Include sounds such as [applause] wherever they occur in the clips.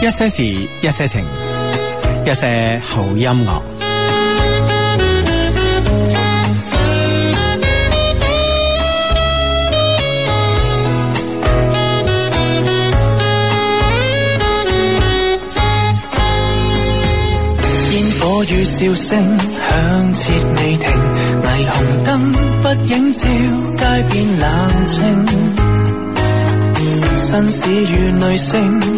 一些事，一些情，一些好音樂。煙火與笑聲響徹未停，霓虹燈不映照街邊冷清，紳士與女性。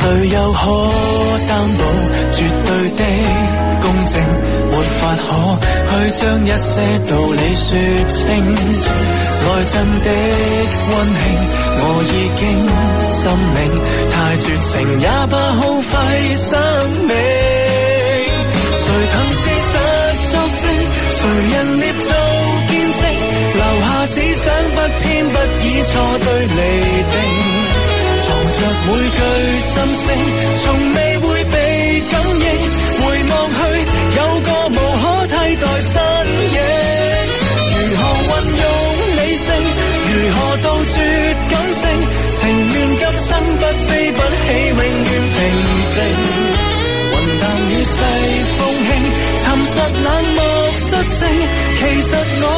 誰又可擔保絕對的公正？沒法可去將一些道理說清。來真的溫馨，我已經心領。太絕情也怕耗費生命。誰憑事實作證？誰人捏造見證？留下只想不偏不倚，錯對釐定。每句心聲，從未會被感應。回望去，有個無可替代身影。如何運用理性？如何杜絕感性？情願今生不悲不喜，永遠平靜。雲淡雨細風輕，沉實冷漠失聲。其實我。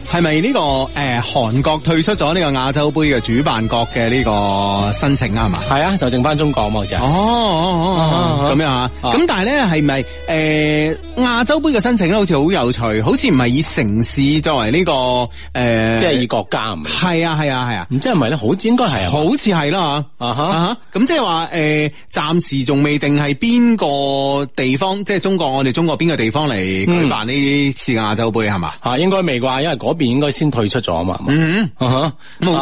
係咪呢個誒韓、呃、國退出咗呢個亞洲杯嘅主辦國嘅呢個申請啊？係嘛？係啊，就剩翻，中國冇啫，哦。哦，咁，哦、樣啊。咁但係咧係咪誒亞洲杯嘅申請咧好似好有趣，好似唔係以城市作為呢、這個誒、呃、即係以國家嗎。係啊係啊係啊。唔知係咪咧？好似應該係，好似係啦吓。啊哈啊哈。咁即係話誒，暫，啊呃、時仲未定係邊個地方，即、就、係、是、中國，我哋中國邊個地方嚟舉辦呢、嗯、次亞洲杯係嘛？吓，應該未啩，因為嗰。應該先退出咗啊嘛？嗯，咁好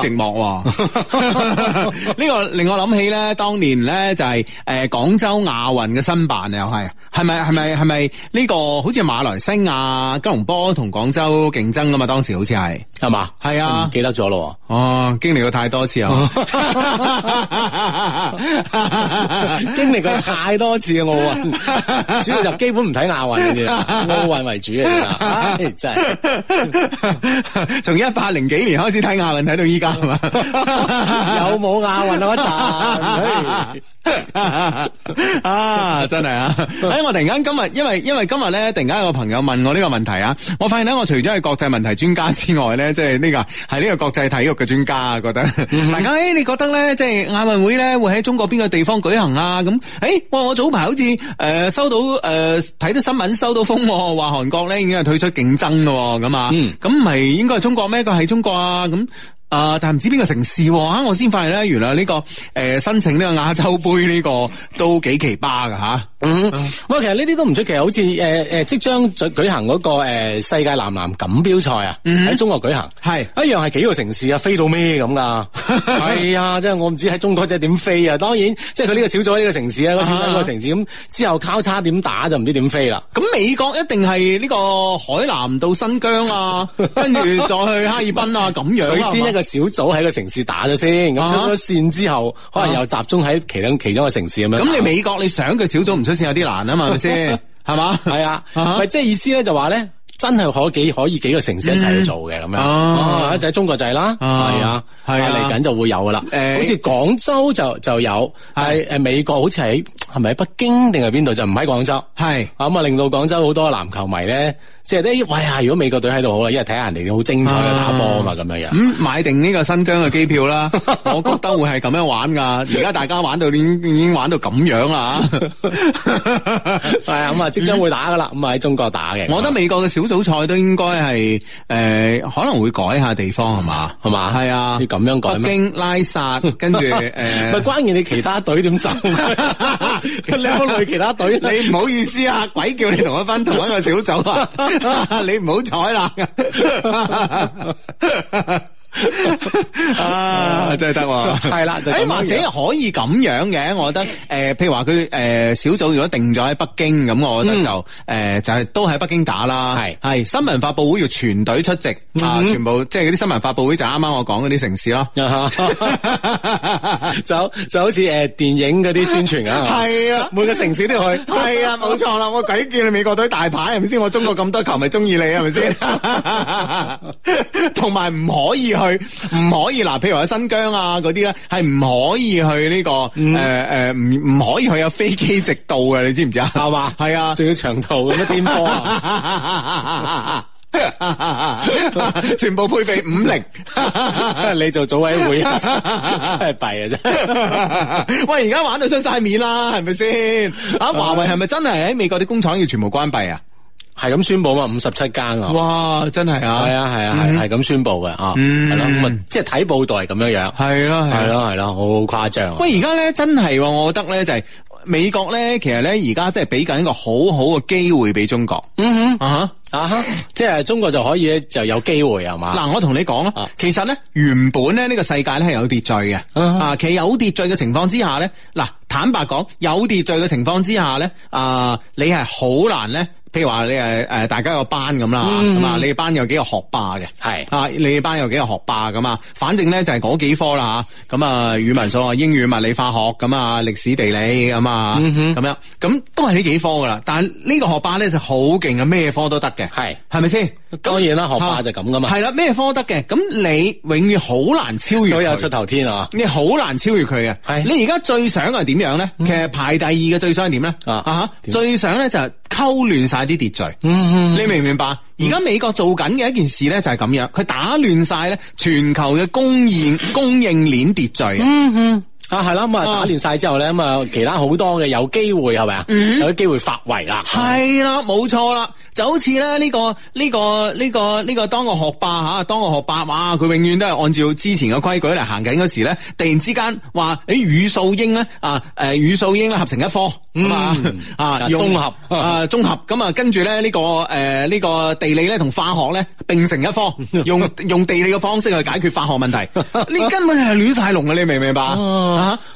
寂寞。呢個令我諗起咧，當年咧就係誒廣州亞運嘅申辦又係，係咪係咪係咪呢個好似馬來西亞吉隆坡同廣州競爭㗎嘛？當時好似係係嘛？係啊，唔記得咗咯。哦，經歷過太多次啊！經歷過太多次我啊，主要就基本唔睇亞運嘅，奧運為主嘅。真係。從一八零幾年開始睇亞運，睇到依家係嘛？有冇亞運一集？ [laughs] 啊，啊！真係啊！誒、哎，我突然間今日，因為因為今日咧突然間有個朋友問我呢個問題啊，我發現咧我除咗係國際問題專家之外咧，即係呢個係呢個國際體育嘅專家啊，覺得大家誒、哎，你覺得咧即係亞運會咧會喺中國邊個地方舉行啊？咁誒、哎，我我早排好似誒、呃、收到誒睇、呃、到新聞收到風，話韓國咧已經係退出競爭咯咁啊，咁唔係應該係中國咩？個係中國啊咁。啊！但係唔知邊個城市喎，我先發現咧，原來呢個誒申請呢個亞洲盃呢個都幾奇葩噶吓。嗯，喂，其實呢啲都唔出奇，好似誒誒即將舉行嗰個誒世界男男錦標賽啊，喺中國舉行，係一樣係幾個城市啊？飛到咩咁噶？係啊，即係我唔知喺中國即係點飛啊。當然，即係佢呢個小組呢個城市啊，嗰個小組嗰個城市咁之後交叉點打就唔知點飛啦。咁美國一定係呢個海南到新疆啊，跟住再去哈爾濱啊，咁樣。先一個。小組喺個城市打咗先，咁出咗線之後，可能又集中喺其他其中，其中一個城市咁樣。咁、啊、你美國你想佢小組唔出線有啲難啊嘛，係咪先？係嘛？係啊，咪即係意思咧就話咧。真係可幾可以幾個城市一齊去做嘅，咁樣，就喺中國就係啦，係啊，係啊，嚟緊就會有噶啦。誒，好似廣州就就有，係誒，美國好似喺係咪喺北京定係邊度就唔喺廣州，係咁啊令到廣州好多籃球迷咧，即係咧喂啊！如果美國隊喺度好啦，因為睇下人哋好精彩嘅打波啊嘛，咁樣嘅。咁買定呢個新疆嘅機票啦，我覺得會係咁樣玩噶。而家大家玩到已已經玩到咁樣啦，係啊，咁啊即將會打噶啦，咁啊喺中國打嘅。我覺得美國嘅小。組賽都應該係誒，可能會改下地方係嘛？係嘛？係啊，要咁樣改。北京、拉薩，跟住誒，咪關鍵你其他隊點走？你有冇累其他隊？你唔好意思啊，鬼叫你同我分同一個小組啊！你唔好彩啦。 [laughs] 啊，啊真係得喎！係啦， [laughs] 誒，或者可以咁樣嘅，我覺得，誒、呃，譬如話佢，誒、呃，小組如果定咗喺北京，咁、嗯、我覺得就，誒、呃，就係都喺北京打啦，係是，係是新聞發布會要全隊出席、嗯啊、全部即係嗰啲新聞發布會就啱啱我講嗰啲城市咯， [laughs] [laughs] 就就好似誒、呃、電影嗰啲宣傳 [laughs] 啊，係啊，每個城市都要去，係 [laughs] 啊，冇錯啦，我鬼叫你美國隊大牌係咪先？我中國咁多球迷中意你係咪先？同埋唔可以。去唔可以嗱？譬如喺新疆啊嗰啲咧，係唔可以去呢、這個誒誒，唔唔、嗯呃、可以去有飛機直到嘅，你知唔知啊？係嘛吧？係啊，仲要長途咁樣顛簸啊！ [laughs] [laughs] 全部配備五零，你做組委會 [laughs] [laughs] 真係弊啊！真喂，而家玩到傷晒面啦，係咪先？啊，華為係咪真係喺美國啲工廠要全部關閉啊？係咁宣布嘛，五十七間啊！哇，真係啊！係啊，係啊，係係咁宣布嘅啊！係啦，咁即係睇報道係咁樣樣。係咯，係咯，係咯，好誇張啊！喂，而家咧真係，我覺得咧就係美國咧，其實咧而家即係俾緊一個好好嘅機會俾中國。嗯哼，啊哈，啊哈，即係中國就可以就有機會係嘛？嗱，我同你講啊，其實咧原本咧呢個世界咧係有秩序嘅啊，其實有秩序嘅情況之下咧嗱。坦白講，有秩序嘅情況之下咧，啊、呃，你係好難咧。譬如話你誒誒，大家有個班咁啦，咁啊、嗯哼，你班有幾個學霸嘅，係啊是，你班有幾個學霸咁啊。反正咧就係嗰幾科啦吓，咁啊，語文、數學、英語、物理、化學，咁啊，歷史、地理，咁啊、嗯哼，咁樣，咁都係呢幾科噶啦。但係呢個學霸咧就好勁啊，咩科都得嘅，係係咪先？當然啦，學霸就咁噶嘛。係啦，咩科得嘅，咁你永遠好難超越佢。都有出頭天啊！你好難超越佢嘅。係你而家最想係點樣咧？其實排第二嘅最想係點咧？啊吓，最想咧就係溝亂晒啲秩序。嗯嗯，你明唔明白？而家美國做緊嘅一件事咧就係咁樣，佢打亂晒咧全球嘅供應供應鏈秩序。嗯嗯，啊係啦，咁啊打亂晒之後咧，咁啊其他好多嘅有機會係咪啊？有啲機會發圍啦。係啦，冇錯啦。就好似咧呢個呢、呢個呢、呢個呢、呢個當個學霸吓、啊，當個學霸話佢永遠都係按照之前嘅規矩嚟行緊時咧，突然之間話誒語數英咧啊誒語數英咧合成一科咁、嗯、啊啊綜合啊綜合咁啊，跟住咧呢、呢個誒呢、啊呢個地理咧同化學咧併成一科，用 [laughs] 用地理嘅方式去解決化學問題，你 [laughs] 根本係亂晒龍啊，你明唔明白啊？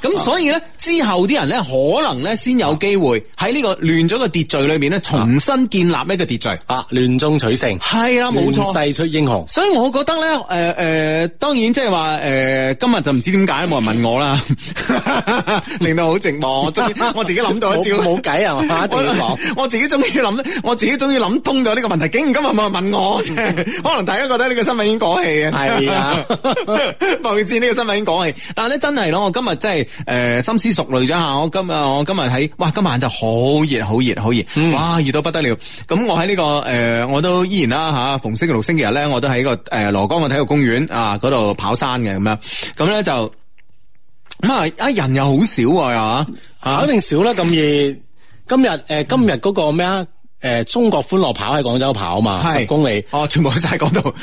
咁、啊啊、所以咧、啊、之後啲人咧可能咧先有機會喺呢、呢個亂咗個秩序裏面咧重新建立一個。秩序啊，亂中取勝係啦，冇錯，啊，亂世出英雄。所以我覺得咧，誒、呃、誒、呃，當然即係話，誒、呃，今日就唔知點解冇人問我啦， [laughs] 令到好寂寞。我， [laughs] 我自己諗到一招，冇計啊，我自己我自己終於諗，我自己終於諗通咗呢個問題。竟然今日冇人問我， [laughs] 可能大家覺得呢個新聞已經過氣嘅，係啊，抱 [laughs] 知呢個新聞已經過氣。但係咧真係咯、呃，我今日真係，誒，深思熟慮咗下，我今日我今日喺哇，今晚就好熱，好熱，好熱，嗯、哇，熱到不得了。咁我。我喺呢、這個誒、呃，我都依然啦吓、啊，逢星期六星期日咧，我都喺個誒蘿崗嘅體育公園啊嗰度跑山嘅咁樣，咁咧就咁啊，啊！啊人又好少啊，吓，肯定少啦咁熱。今日誒、呃，今日嗰個咩啊？嗯誒，中國歡樂跑喺廣州跑嘛，十公里，哦，全部喺晒嗰度，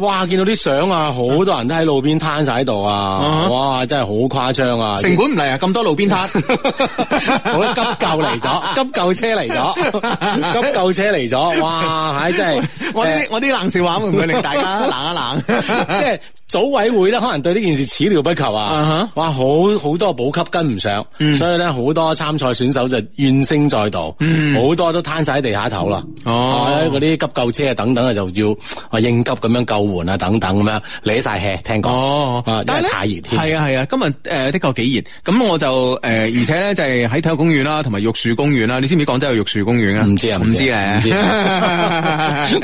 哇！見到啲相啊，好多人都喺路邊攤晒喺度啊，哇！真係好誇張啊，城管唔嚟啊，咁多路邊攤，好啦，急救嚟咗，急救車嚟咗，急救車嚟咗，哇！唉，真係，我啲我啲冷笑話會唔會令大家冷一冷？即係。組委會咧，可能對呢件事始料不及啊！哇，好好多補給跟唔上，所以咧好多參賽選手就怨聲載道，好多都攤晒喺地下頭啦。哦，嗰啲急救車啊，等等啊，就要啊應急咁樣救援啊，等等咁樣，唦晒氣，聽講哦。但係咧太熱，係啊係啊，今日誒的確幾熱，咁我就誒而且咧就係喺體育公園啦，同埋玉樹公園啦。你知唔知廣州有玉樹公園啊？唔知啊，唔知啊，唔知。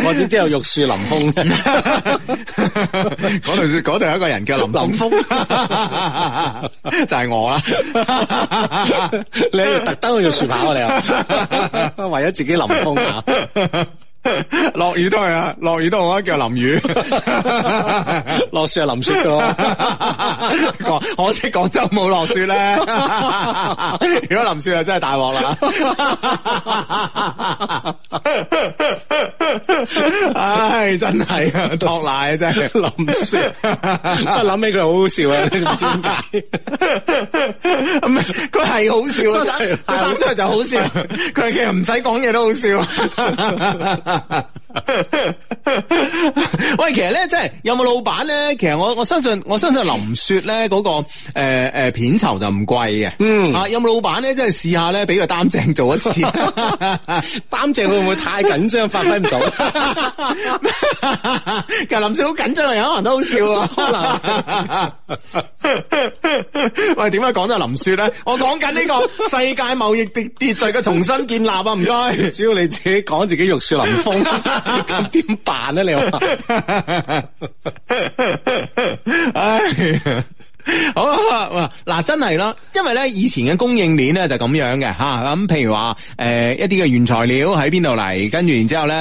我只知有玉樹臨風。嗰度有一個人叫林峰、林峰， [laughs] 就係我啦。 [laughs] 你特登去做雪跑啊？你啊，為 [laughs] 咗自己林峰啊。落雨都係啊，落雨都好啊，我叫淋雨。 [laughs] 落雪係淋雪噶咯。可惜廣州冇落雪咧， [laughs] 如果淋雪就真係大鑊啦。 [laughs] 唉，真係啊，託賴真係諗笑，但係諗起佢好好笑啊，你知唔知點解？唔係佢係好笑，佢生出嚟就好笑。佢 [laughs] 其實唔使講嘢都好笑。 [laughs] 喂，其實咧，即係有冇老闆咧？其實我我相信，我相信林雪咧、那、嗰個誒誒、呃、片酬就唔貴嘅。嗯，啊有冇老闆咧？即係試下咧，俾佢擔正做一次，擔 [laughs] 正會唔會太緊張， [laughs] 發揮唔到？ [laughs] 其實林雪好緊張嘅，可能都好笑啊。 [laughs] 可能 [laughs] 喂，點解講咗林雪咧？我講緊呢個世界貿易秩序嘅重新建立啊！唔該，主要你自己講自己玉樹臨風。 [laughs] 你咁點辦啊你？好啦，嗱，真係啦，因為咧以前嘅供應鏈咧就咁樣嘅吓，咁譬如話誒一啲嘅原材料喺邊度嚟，跟住然之後咧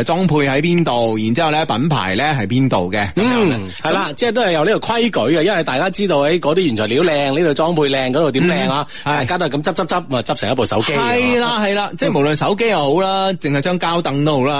誒裝配喺邊度，然之後咧品牌咧喺邊度嘅，嗯，係啦，即係都係有呢個規矩嘅，因為大家知道喺嗰啲原材料靚，呢度裝配靚，嗰度點靚啊，大家都係咁執執執，咪執成一部手機，係啦係啦，即係無論手機又好啦，定係張膠凳都好啦，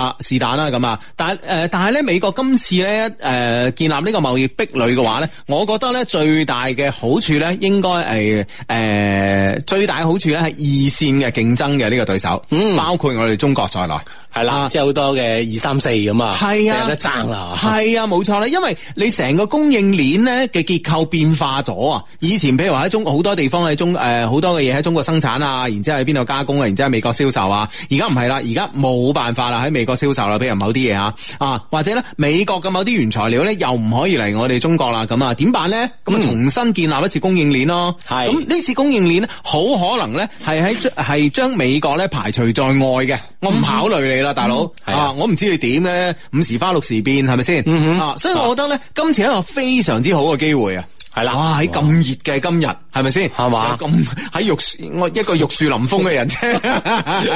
啊是但啦咁啊，但誒但係咧美國今次咧誒建立呢個貿易壁壘嘅話咧，我。我覺得咧最大嘅好處咧，應該係，誒最大嘅好處咧係二線嘅競爭嘅呢個對手，嗯，包括我哋中國在內。係啦，即係好多嘅二三四咁啊，係啊，都爭啦，係啊，冇錯啦，因為你成個供應鏈咧嘅結構變化咗啊。以前譬如話喺中國好多地方喺中誒，好、呃、多嘅嘢喺中國生產啊，然之後喺邊度加工啊，然之後美國銷售啊。而家唔係啦，而家冇辦法啦，喺美國銷售啦，譬如某啲嘢吓啊，或者咧美國嘅某啲原材料咧又唔可以嚟我哋中國啦，咁啊點辦咧？咁、嗯、重新建立一次供應鏈咯。係咁呢次供應鏈好可能咧係喺係將美國咧排除在外嘅，嗯、我唔考慮你。啦，大佬，嗯、啊，我唔知你點咧，五時花六時變，係咪先？嗯嗯啊，所以我覺得咧，的今次係一個非常之好嘅機會啊。係啦，喺咁熱嘅今日，係咪先？係嘛，咁喺玉我一個玉樹臨風嘅人啫，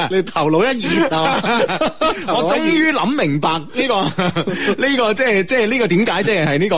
你頭腦一熱啊！我終於諗明白呢個呢個即係即係呢個點解即係係呢個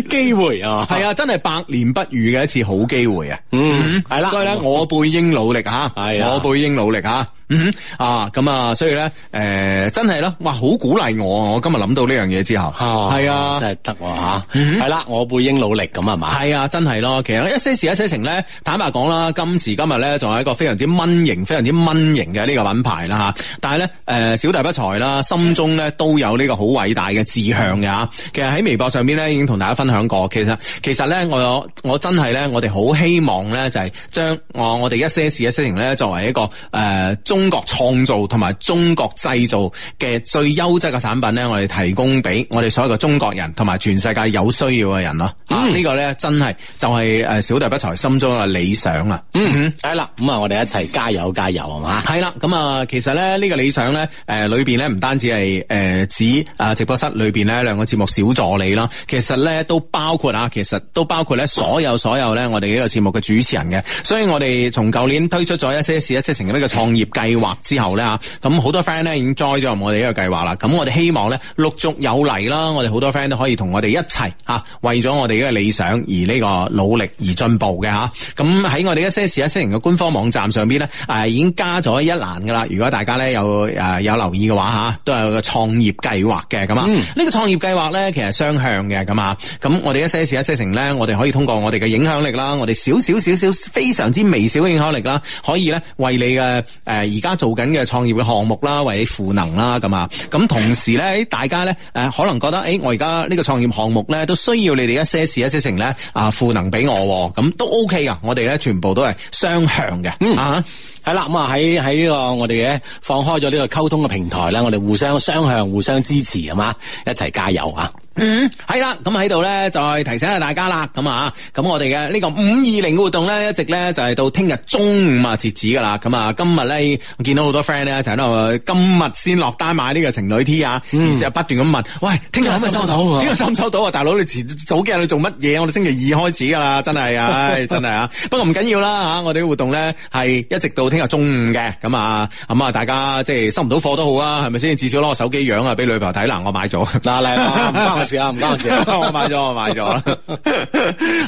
誒機會啊！係啊，真係百年不遇嘅一次好機會啊！嗯，係啦，所以咧我背英努力吓，係我背英努力吓，嗯啊咁啊，所以咧誒真係啦，哇好鼓勵我啊！我今日諗到呢樣嘢之後，係啊，真係得吓，係啦，我背英努力。咁啊嘛，係啊，真係咯。其實一些事一些情咧，坦白講啦，今時今日咧，仲有一個非常之蚊型、非常之蚊型嘅呢個品牌啦吓。但係咧，誒，小弟不才啦，心中咧都有呢個好偉大嘅志向㗎。吓。其實喺微博上邊咧，已經同大家分享過。其實，其實咧，我我真係咧，我哋好希望咧，就係將我我哋一些事一些情咧，作為一個誒、呃、中國創造同埋中國製造嘅最優質嘅產品咧，我哋提供俾我哋所有嘅中國人同埋全世界有需要嘅人咯。呢、嗯啊這個。真係就係誒小弟不才心中嘅理想啊，嗯嗯係啦，咁啊我哋一齊加油加油係嘛？係啦，咁啊其實咧呢個理想咧誒裏邊咧唔單止係誒指啊直播室裏邊呢兩個節目小助理啦，其實咧都包括啊，其實都包括咧所有所有咧我哋呢個節目嘅主持人嘅，所以我哋從舊年推出咗一些事一些情嘅呢個創業計劃之後咧啊，咁好多 friend 咧已經 join 咗我哋呢個計劃啦，咁我哋希望咧陸續有嚟啦，我哋好多 friend 都可以同我哋一齊啊為咗我哋呢個理想。想而呢個努力而進步嘅吓，咁喺我哋一些事一些情嘅官方網站上邊咧，誒、啊、已經加咗一欄噶啦。如果大家咧有誒、啊、有留意嘅話吓、啊，都有個創業計劃嘅咁啊。個創呢個創業計劃咧其實雙向嘅咁啊。咁我哋一些事一些情咧，我哋可以通過我哋嘅影響力啦，我哋少少少少非常之微小嘅影響力啦，可以咧為你嘅誒而家做緊嘅創業嘅項目啦，為你賦能啦咁啊。咁同時咧，大家咧誒可能覺得誒、欸、我而家呢個創業項目咧都需要你哋一些事一咧啊，賦能俾我，咁都 OK 噶，我哋咧全部都係雙向嘅，嗯、啊。係啦，咁啊喺喺呢個我哋嘅放開咗呢個溝通嘅平台啦，我哋互相雙向互相支持係嘛，一齊加油啊！嗯、mm，係、hmm. 啦，咁喺度咧，再提醒下大家啦，咁啊，咁我哋嘅呢個五二零嘅活動咧，一直咧就係到聽日中午啊截止噶啦，咁啊今日咧我見到好多 friend 咧就喺度今日先落單買呢個情侶 T 啊、mm，hmm. 而且不斷咁問，喂，聽日可唔可收到？聽日收唔收到啊？大佬你早幾日你做乜嘢？我哋星期二開始噶啦，真係，啊， [laughs] 真係啊！不過唔緊要啦，吓我哋嘅活動咧係一直到聽。今日中午嘅。咁啊咁啊，大家即係收唔到貨都好啊，係咪先？至少攞個手機樣啊，俾女朋友睇，嗱，我買咗，嗱，嚟唔關我事啊，唔關我事，我買咗，我買咗啦。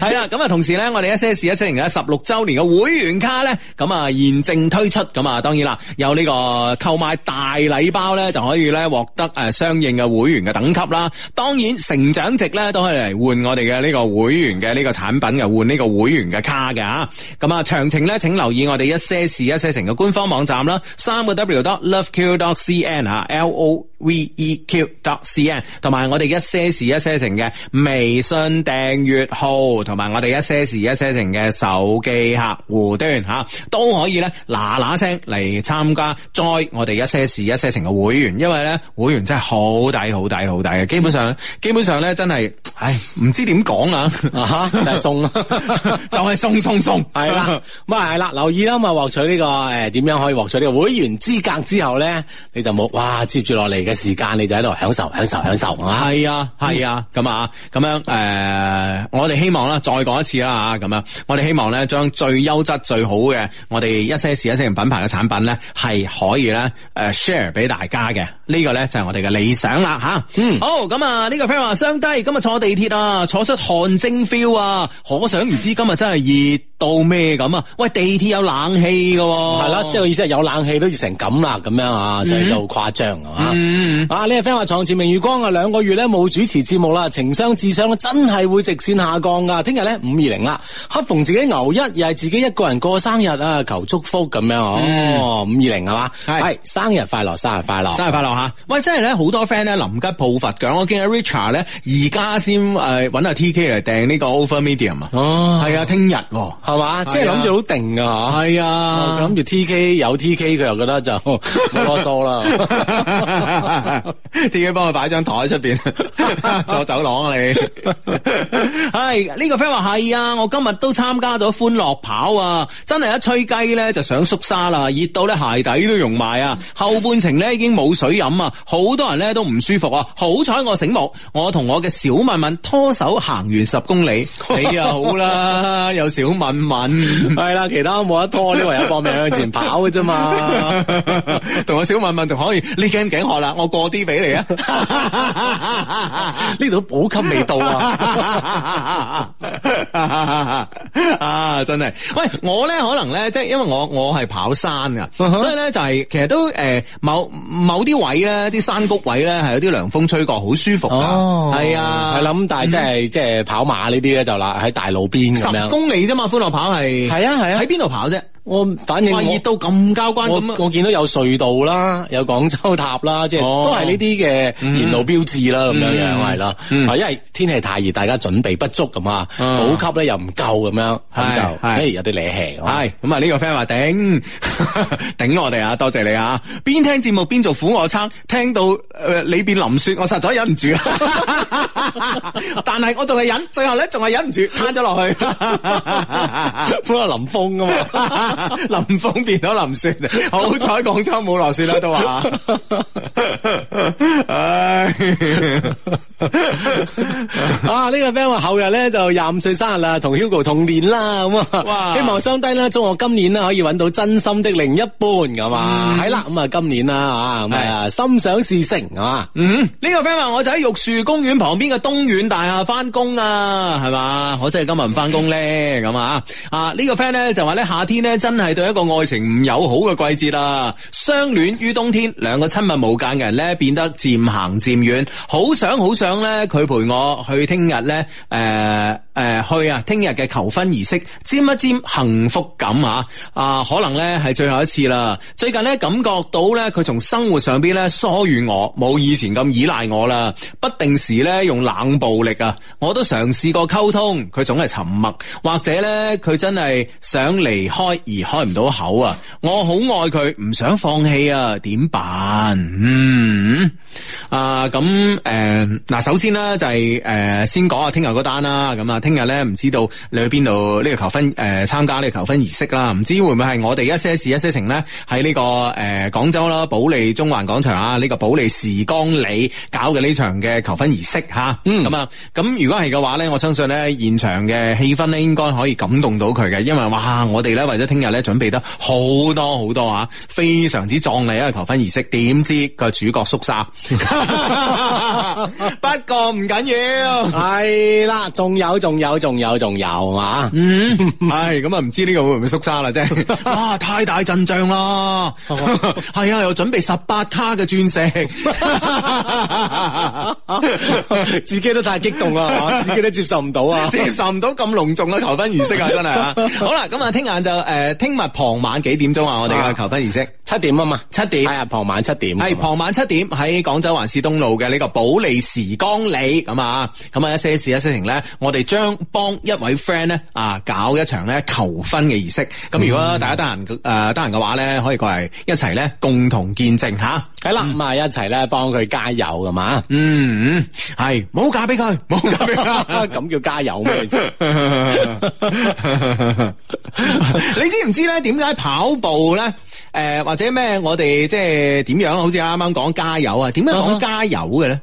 係啦，咁啊，同時咧，我哋一些事一些情咧，十六周年嘅會員卡咧，咁啊現正推出。咁啊，當然啦，有呢個購買大禮包咧，就可以咧獲得誒相應嘅會員嘅等級啦。當然成長值咧都可以嚟換我哋嘅呢個會員嘅呢個產品嘅換呢個會員嘅卡嘅啊。咁啊，詳情咧，請留意我哋一些事，一些情嘅官方網站啦，三個 W dot LoveQ dot C N 啊，L O V E Q dot C N，同埋我哋一些事一些情嘅微信訂閱號，同埋我哋一些事一些情嘅手機客戶端吓，都可以咧嗱嗱聲嚟參加 join 我哋一些事一些情嘅會員，因為咧會員真係好抵好抵好抵嘅，基本上基本上咧真係，唉，唔知點講啊，就係送啦，就係送送送，係啦，咁啊係啦，留意啦，咁啊，獲取呢。個誒點樣可以獲取呢個會員資格之後咧，你就冇哇，接住落嚟嘅時間你就喺度享受享受享受啊！係啊係啊，咁啊咁樣誒、呃，我哋希望啦，再講一次啦吓咁樣，我哋希望咧將最優質最好嘅我哋一些事一些情品牌嘅產品咧係可以咧誒 share 俾大家嘅呢、這個咧就係我哋嘅理想啦吓。嗯，好咁啊呢、這個 friend 話雙低今日坐地鐵啊，坐出汗蒸 feel 啊，可想唔知今日真係熱到咩咁啊！喂，地鐵有冷氣個、啊。係啦，即係意思係有冷氣都熱成咁啦，咁樣所以張、嗯、啊，就係好誇張啊！啊，呢個 friend 話創前明月光啊，兩個月咧冇主持節目啦，情商智商真係會直線下降噶。聽日咧五二零啦，恰逢自己牛一，又係自己一個人過生日啊，求祝福咁樣、嗯、哦。五二零係嘛？係生日快樂，生日快樂，生日快樂吓！生日快樂啊、喂，真係咧好多 friend 咧，臨急抱佛腳，我見阿 Richard 咧而家先誒搵阿 TK 嚟訂呢個 Over Medium 啊。哦，係啊，聽日係嘛？即係諗住好定啊？係啊。諗住 T K 有 T K 佢又覺得就冇囉嗦啦，T K 幫我擺張台出邊坐走廊嚟、啊。係呢、 [laughs] 哎這個 friend 話係啊，我今日都參加咗歡樂跑啊，真係一吹雞咧就想縮沙啦，熱到咧鞋底都溶埋啊，後半程咧已經冇水飲啊，好多人咧都唔舒服啊，好彩我醒目，我同我嘅小敏敏拖手行完十公里，你、哎、又好啦，有小敏敏係啦、 [laughs] [laughs] 啊，其他冇得拖呢，為一方向前跑嘅啫嘛，同我小問問，仲可以呢你驚頸渴啦，我過啲俾你啊，呢度補給未到啊，啊真係，喂我咧可能咧即係因為我我係跑山噶，所以咧就係其實都誒某某啲位咧啲山谷位咧係有啲涼風吹過，好舒服噶，係啊係啦，咁但係即係即係跑馬呢啲咧就啦喺大路邊咁樣，十公里啫嘛，歡樂跑係係啊係啊，喺邊度跑啫？我反正我熱到咁交關，我我見到有隧道啦，有廣州塔啦，即係都係呢啲嘅沿路標誌啦，咁樣樣係啦。啊、嗯，因為天氣太熱，大家準備不足咁啊，補給咧又唔夠咁樣，咁就誒有啲理氣。係咁啊，呢個 friend 話頂頂我哋啊，多謝你啊。邊聽節目邊做俯臥撐，聽到誒裏邊淋雪，我實在忍唔住。 [laughs] [laughs] 但係我仲係忍，最後咧仲係忍唔住，攤咗落去。俯臥淋風噶嘛。 [laughs] [laughs] 林峰變咗林雪， [laughs] 好彩廣州冇落雪啦都話！唉、這個，啊呢個 friend 話後日咧就廿五歲生日啦，同 Hugo 同年啦，咁啊，希望相低啦，祝我今年啦可以揾到真心的另一半咁、嗯、啊！係啦的，咁啊今年啦啊，係啊，心想事成啊！這嗯，呢個 friend 話我就喺玉樹公園旁邊嘅東遠大廈翻工啊，係嘛？可惜今日唔翻工咧，咁、嗯、啊啊呢、這個 friend 咧就話咧夏天咧。真係對一個愛情唔友好嘅季節啦，相戀於冬天，兩個親密無間嘅人咧，變得漸行漸遠，好想好想咧佢陪我去聽日咧誒。呃誒，去啊！聽日嘅求婚儀式，沾一沾幸福感啊！啊，可能咧係最後一次啦。最近咧感覺到咧，佢從生活上邊咧疏遠我，冇以前咁依賴我啦。不定時咧用冷暴力啊！我都嘗試過溝通，佢總係沉默，或者咧佢真係想離開而開唔到口啊！我好愛佢，唔想放棄啊！點辦？嗯啊，咁誒，嗱、呃，首先咧就係、是、誒、呃，先講下，聽日嗰單啦，咁啊。聽日咧唔知道你去邊度呢個求婚誒參、呃、加呢個求婚儀式啦？唔知會唔會係我哋一些事一些情咧喺呢個誒廣、呃、州啦保利中環廣場啊呢個保利時光里搞嘅呢場嘅求婚儀式吓，啊、嗯咁啊咁如果係嘅話咧，我相信咧現場嘅氣氛咧應該可以感動到佢嘅，因為哇我哋咧為咗聽日咧準備得好多好多啊，非常之壯麗一個求婚儀式，點知個主角縮沙， [laughs] [laughs] 不過唔緊要，係 [laughs] 啦，仲有仲。仲有仲有仲有啊嘛，係咁啊，唔知呢個會唔會縮沙啦啫？啊，太大陣仗啦，係啊，又準備十八卡嘅鑽石，自己都太激動啦，自己都接受唔到啊，接受唔到咁隆重嘅求婚儀式啊，真係啊！好啦，咁啊，聽晚就誒，聽日傍晚幾點鐘啊？我哋嘅求婚儀式七點啊嘛，七點係啊，傍晚七點係傍晚七點喺廣州環市東路嘅呢個保利時光里咁啊，咁啊一些事一些情咧，我哋將。幫一位 friend 咧啊，搞一場咧求婚嘅儀式。咁如果大家得閒誒得閒嘅話咧，可以過嚟一齊咧共同見證吓。係啦，咁啊一齊咧幫佢加油㗎嘛？嗯，係冇嫁俾佢，冇嫁俾佢，咁叫加油咩啫？你知唔知咧？點解跑步咧？誒，或者咩？我哋即係點樣？好似啱啱講加油啊？點樣講加油嘅咧？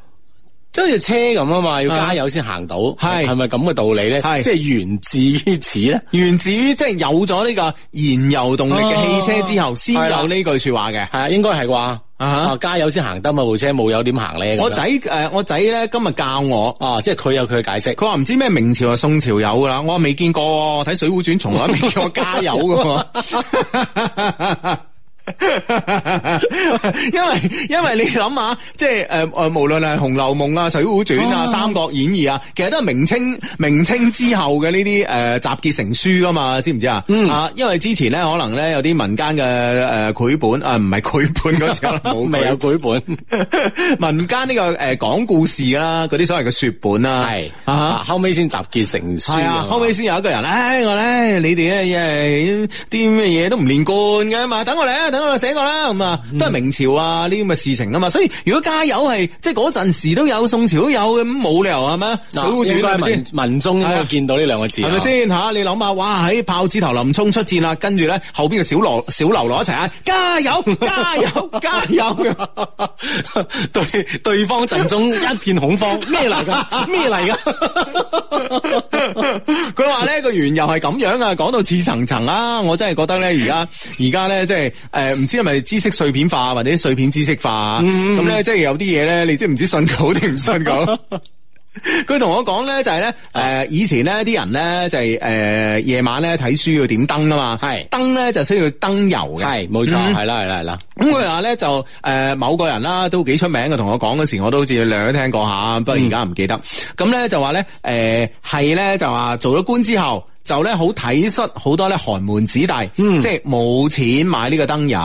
都似車咁啊嘛，要加油先行到，係係咪咁嘅道理咧？係是即係源自於此咧？源自於即係有咗呢個燃油動力嘅汽車之後，先有呢句說話嘅，係啊，是應該係啩？啊，啊加油先行得嘛，部車冇油點行咧、呃？我仔誒，我仔咧今日教我，啊，即係佢有佢嘅解釋。佢話唔知咩明朝啊宋朝有噶啦，我話未見過，睇《水滸傳》從來未見過加油噶。 [laughs] [laughs] [laughs] 因為因為你諗下，即係誒誒，無論係《紅樓夢》啊、《水滸傳》啊、哦、《三國演義》啊，其實都係明清明清之後嘅呢啲誒集結成書噶嘛知唔知啊？嗯、啊，因為之前咧可能咧有啲民間嘅誒繪本啊，唔係繪本嗰隻，冇未有繪本，民間呢個誒講故事啦，嗰啲所謂嘅說本啦，係啊，後尾先集結成書，係啊，後尾先有一個人咧、哎，我咧你哋咧因為啲咩嘢,都唔連貫嘅嘛，等我嚟啊！等我寫過啦，咁啊，都係明朝啊呢啲咁嘅事情啊嘛，所以如果加油係即係嗰陣時都有，宋朝都有咁冇理由係咩？小主啊，住民是是民眾啊，見到呢兩個字係咪先吓？你諗下，哇！喺豹子頭林沖出戰啦，跟住咧後邊嘅小羅小嘍囉一齊啊，加油，加油，加油！ [laughs] [laughs] 對對方陣中一片恐慌，咩嚟噶？咩嚟噶？佢話咧個緣由係咁樣啊，講到似層層啦，我真係覺得咧而家而家咧即係誒。欸誒，唔知係咪知識碎片化或者碎片知識化，咁咧、嗯嗯、即係有啲嘢咧，你即係唔知信狗定唔信狗。佢同 [laughs] 我講咧、就是，就係咧，誒，以前咧啲人咧就係、是、誒、呃，夜晚咧睇書要點燈啊嘛，係燈咧就需要燈油嘅，係冇錯，係啦係啦係啦。咁佢話咧就誒、是呃，某個人啦都幾出名嘅，同我講嗰時候我都好似兩聽過下，不過而家唔記得。咁咧、嗯、就話咧，誒係咧就話做咗官之後。就咧好體恤好多咧寒門子弟，即係冇錢買呢個燈油，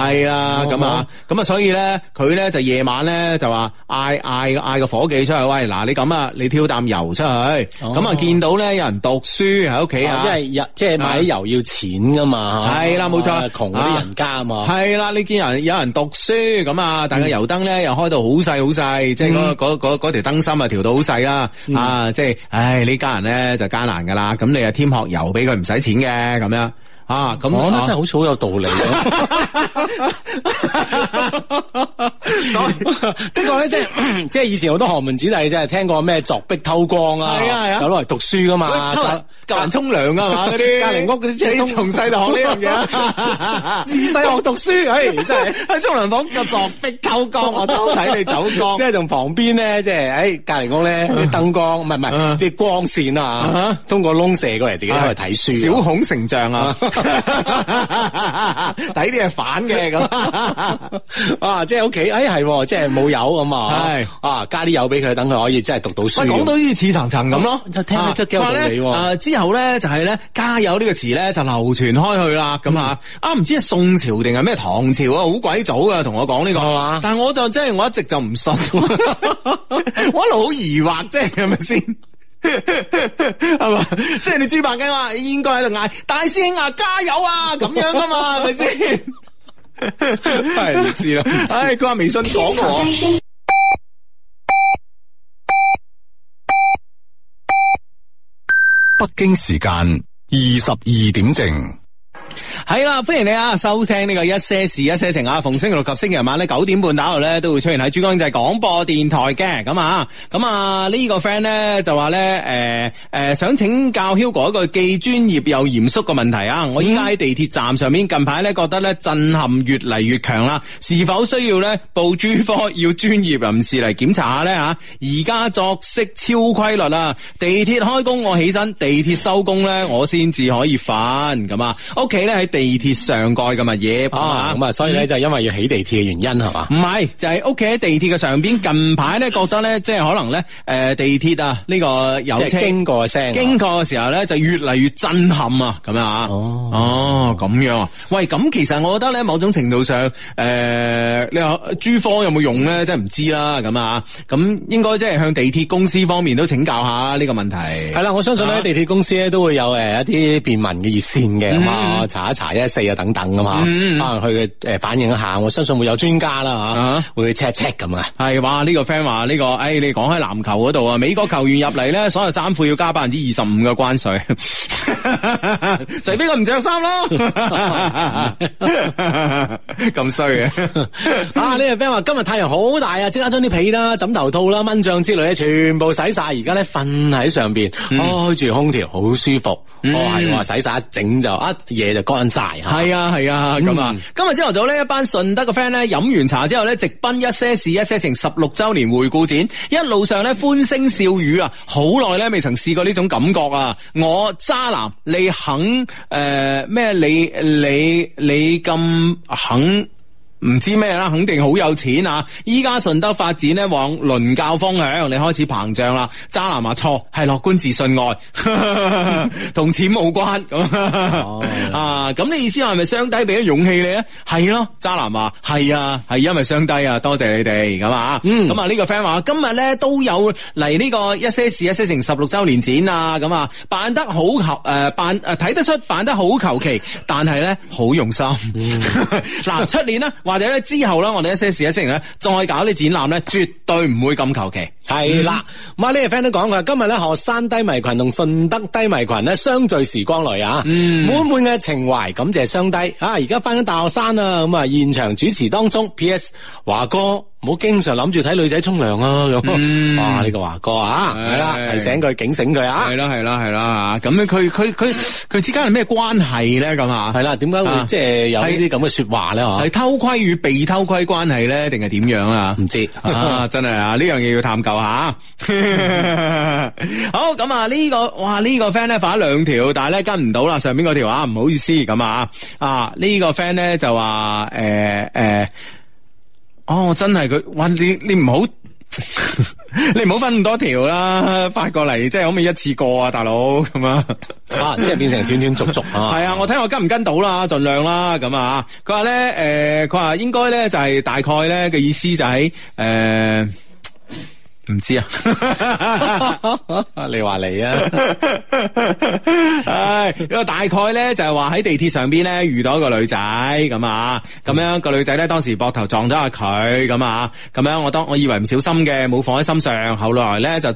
係啊咁啊，咁啊所以咧佢咧就夜晚咧就話嗌嗌嗌個伙計出去：「喂嗱你咁啊，你挑擔油出去。」咁啊見到咧有人讀書喺屋企啊，即係即係買油要錢噶嘛，係啦冇錯，窮嗰啲人家啊嘛，係啦你見人有人讀書咁啊，但係油燈咧又開到好細好細，即係嗰條燈芯啊調到好細啦，啊即係唉呢家人咧就艱難噶啦咁。你啊添學油俾佢唔使錢嘅咁樣。啊，咁我覺得真係好似好有道理。的確咧，即係即係以前好多寒門子弟，即係聽過咩鑿壁偷光啊，走嚟讀書噶嘛，隔人沖涼啊嘛，啲隔籬屋嗰啲即係從細就學呢樣嘢，自細學讀書，即真係喺沖涼房個鑿壁偷光，我都睇你走光，即係從旁邊咧，即係喺隔籬屋咧啲燈光，唔係唔係啲光線啊，通過窿射過嚟，自己喺度睇書，小孔成像啊。但啲係反嘅咁，啊，即係屋企，哎係，即係冇油咁啊，的啊，加啲油俾佢，等佢可以即係讀到書。講到呢啲似層層咁咯，就聽得出幾有道理。之後咧就係、是、咧加油個詞呢個詞咧就流傳開去啦。咁、嗯、啊，啊唔知係宋朝定係咩唐朝啊，好鬼早噶，同我講呢、這個。哦、但係我就即係我、就是、我一直就唔信， [laughs] 我一路好疑惑，即係係咪先？是係 [laughs] 嘛？即係你豬白雞話應該喺度嗌大師兄啊，加油啊！咁樣噶嘛，係咪先？係你 [laughs] [laughs] 知啦。唉，佢話、哎、微信講我。北京時間二十二點正。係啦，歡迎你啊！收聽呢個一些事一些情啊，逢星期六及星期日晚咧九點半打後咧，都會出現喺珠江經濟廣播電台嘅。咁啊，咁、這、啊、個，呢個 friend 咧，就話咧，誒、呃、誒，想請教 Hugo 一個既專業又嚴肅嘅問題啊！我依家喺地鐵站上面，近排咧覺得咧震撼越嚟越強啦，是否需要咧報專科要專業人士嚟檢查下咧啊？而家作息超規律啦，地鐵開工我起身，地鐵收工咧我先至可以瞓。咁啊，ok 咧喺地鐵上蓋嘅嘛，嘢啊，咁啊、哦，所以咧就因為要起地鐵嘅原因係嘛？唔係、嗯，就係屋企喺地鐵嘅上邊。近排咧覺得咧，即係可能咧、啊，誒，地鐵啊呢個有車即係經過嘅聲、啊，經過嘅時候咧就越嚟越震撼啊！咁樣啊？哦，哦，咁樣啊？喂，咁其實我覺得咧，某種程度上，誒、呃，你話朱科有冇用咧？真係唔知啦。咁啊，咁應該即係向地鐵公司方面都請教下呢個問題。係啦、啊，我相信咧，地鐵公司咧都會有誒一啲便民嘅熱線嘅啊。嗯查一查一四啊等等咁啊，可能佢嘅誒反映一下，我相信會有專家啦吓，會 check check 咁啊。係話，呢、這個 friend 話呢個，誒、哎、你講喺籃球嗰度啊，美國球員入嚟咧，所有衫褲要加百分之二十五嘅關稅，除 [laughs] 非佢唔着衫咯？咁衰嘅啊！呢個 friend 話今日太陽好大啊，即刻將啲被啦、枕頭套啦、蚊帳之類嘅全部洗晒，而家咧瞓喺上邊開住空調，好、嗯、舒服。我係話洗晒一整就一夜。啊就乾晒，嚇，係啊係啊咁啊！是啊嗯、今日朝頭早呢，一班順德嘅 friend 咧飲完茶之後咧，直奔一些事一些情十六週年回顧展，一路上咧歡聲笑語啊！好耐咧未曾試過呢種感覺啊！我渣男，你肯誒咩、呃？你你你咁肯？唔知咩啦，肯定好有錢啊！依家順德發展呢往倫教方向，你開始膨脹啦。渣男話錯係樂觀自信外，同 [laughs] 錢冇無關咁、 [laughs] 哦、啊！咁你意思係咪雙低俾咗勇氣你啊？係咯，渣男話係啊，係因為雙低啊！多謝你哋咁啊！咁、嗯、啊，這個、呢個 friend 話今日咧都有嚟呢個一些事一些情十六周年展啊！咁啊，辦得好求誒，誒、呃、睇、啊、得出辦得好求其，但係咧好用心。嗱、嗯，出、啊、年呢。 [laughs] 或者咧之後咧，我哋一,一,一些事一些情咧再搞啲展覽咧，絕對唔會咁求其。係啦、嗯，咁啊呢個 friend 都講佢今日咧，天學生低迷群同順德低迷群咧相聚時光來啊，滿滿嘅情懷，感謝雙低啊！而家翻緊大學生啦，咁啊現場主持當中，P.S. 華哥。唔好經常諗住睇女仔沖涼啊咁，哇！這個、呢個華哥啊，係啦，提醒佢，警醒佢啊，係啦，係啦，係啦，咁樣佢佢佢佢之間係咩關係咧？咁啊，係啦，點解會即係有呢啲咁嘅說話咧？嗬，係偷窺與被偷窺關係咧，定係點樣啊？唔知，真係啊！呢樣嘢要探究下。好，咁啊，呢個哇，呢個 friend 咧發咗兩條，但係咧跟唔到啦。上邊嗰條啊，唔好意思，咁啊啊，啊這個、fan 呢個 friend 咧就話誒誒。欸欸哦，我真係佢，哇！你你唔好，你唔好 [laughs] [laughs] 分咁多條啦，發過嚟，即係可唔可以一次過啊，大佬咁啊， [laughs] 即係變成斷斷續續啊。係 [laughs] 啊，我睇我跟唔跟到啦，盡量啦，咁啊佢話咧，誒，佢、呃、話應該咧就係大概咧嘅意思就喺、是、誒。呃唔知啊，你話你啊，唉，因大概咧就係話喺地鐵上邊咧遇到一個女仔咁啊，咁樣個女仔咧當時膊頭撞咗下佢咁啊，咁樣我當我以為唔小心嘅，冇放喺心上，後來咧就誒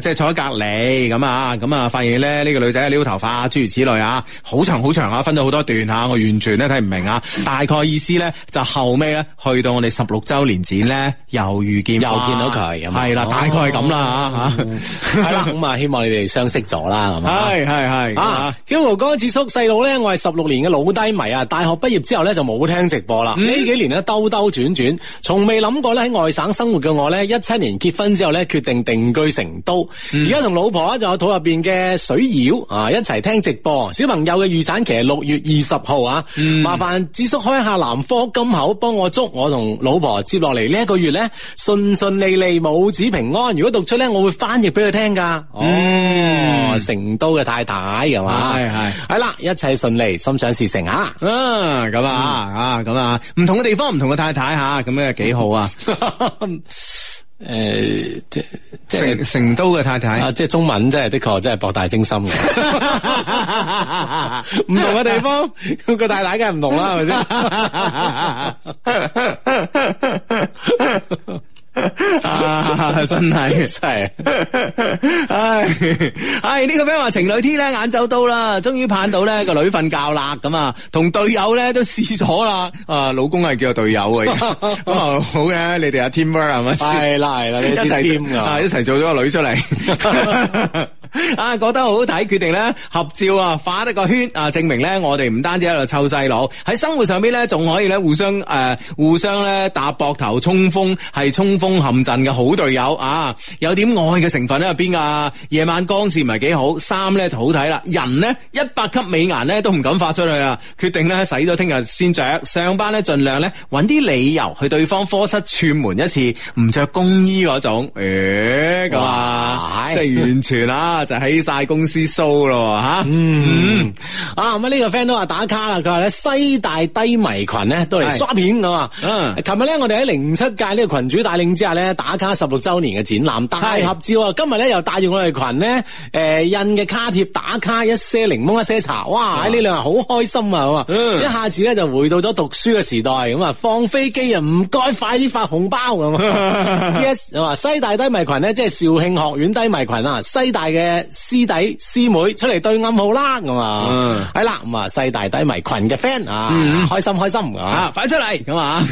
即係坐喺隔籬咁啊，咁啊發現咧呢個女仔撩頭髮諸如此類啊，好長好長啊，分咗好多段吓，我完全咧睇唔明啊，大概意思咧就後尾咧去到我哋十六周年展咧又遇見又見到佢。係係啦，大概係咁啦，吓吓，係啦，咁嘛，希望你哋相識咗啦，咁啊，係係係啊哥，智叔細佬咧，我係十六年嘅老低迷啊！大學畢業之後咧就冇聽直播啦，呢幾年咧兜兜轉轉，從未諗過咧喺外省生活嘅我咧，一七年結婚之後咧決定定居成都，而家同老婆咧仲有肚入邊嘅水妖啊，一齊聽直播，小朋友嘅預產期係六月二十號啊！麻煩智叔開下南科金口，幫我祝我同老婆接落嚟呢一個月咧順順利利。.母子平安。如果讀出咧，我會翻譯俾佢聽噶。哦，哦，成都嘅太太係嘛？係係係啦，對一切順利，心想事成啊。咁啊啊咁啊，唔、啊、同嘅地方，唔同嘅太太吓，咁樣幾好啊。誒，即即成都嘅太太啊，即係中文真的，的確真係的確真係博大精深嘅。唔 [laughs] [laughs] 同嘅地方， [laughs] 個太太梗係唔同啦，係咪先？ [laughs] 啊！真係，真係、 [laughs] [laughs] 哎，唉，唉，呢個咩話情侶 T 咧，眼就到，終於到啦，終於盼到咧個女瞓覺啦咁啊，同隊友咧都試咗啦，啊，老公係叫個隊友啊，咁啊 [laughs] [laughs] 好嘅，你哋阿 Timber 係咪？係啦， [laughs] [laughs] 係啦，你一齊，一啊，一齊做咗個女出嚟。 [laughs] 啊，覺得好睇，決定咧合照啊，化得個圈啊，證明咧我哋唔單止喺度湊細佬，喺生活上邊咧仲可以咧互相誒、呃、互相咧搭膊頭衝鋒，係衝鋒陷陣嘅好隊友啊！有點愛嘅成分咧，入邊啊。夜晚光線唔係幾好，衫咧就好睇啦。人呢，一百級美顏咧都唔敢發出去啊。決定咧洗咗聽日先着，上班咧盡量咧揾啲理由去對方科室串門一次，唔着工衣嗰種，誒、欸，咁哇哇啊，即係完全啦。就喺晒公司 show 咯吓、啊嗯，嗯啊咁啊呢個 friend 都話打卡啦，佢話咧西大低迷群咧都嚟刷片咁啊，是嗯，琴日咧我哋喺零七屆呢個群主帶領之下咧打卡十六周年嘅展覽是大合照啊，今日咧又帶住我哋群咧誒、呃、印嘅卡貼打卡一些檸檬一些茶，哇！呢哇兩日好開心啊，咁啊，嗯、一下子咧就回到咗讀書嘅時代，咁啊放飛機啊，唔該快啲發紅包咁啊 yes 啊、 [laughs] 嗯 yes，西大低迷群咧即係肇慶學院低迷群啊，西大嘅。嘅師弟師妹出嚟對暗號啦，咁、嗯哎、啊，係啦、嗯，咁啊，細大底迷群嘅 friend 啊，開心開心啊，快出嚟咁 [laughs] 啊，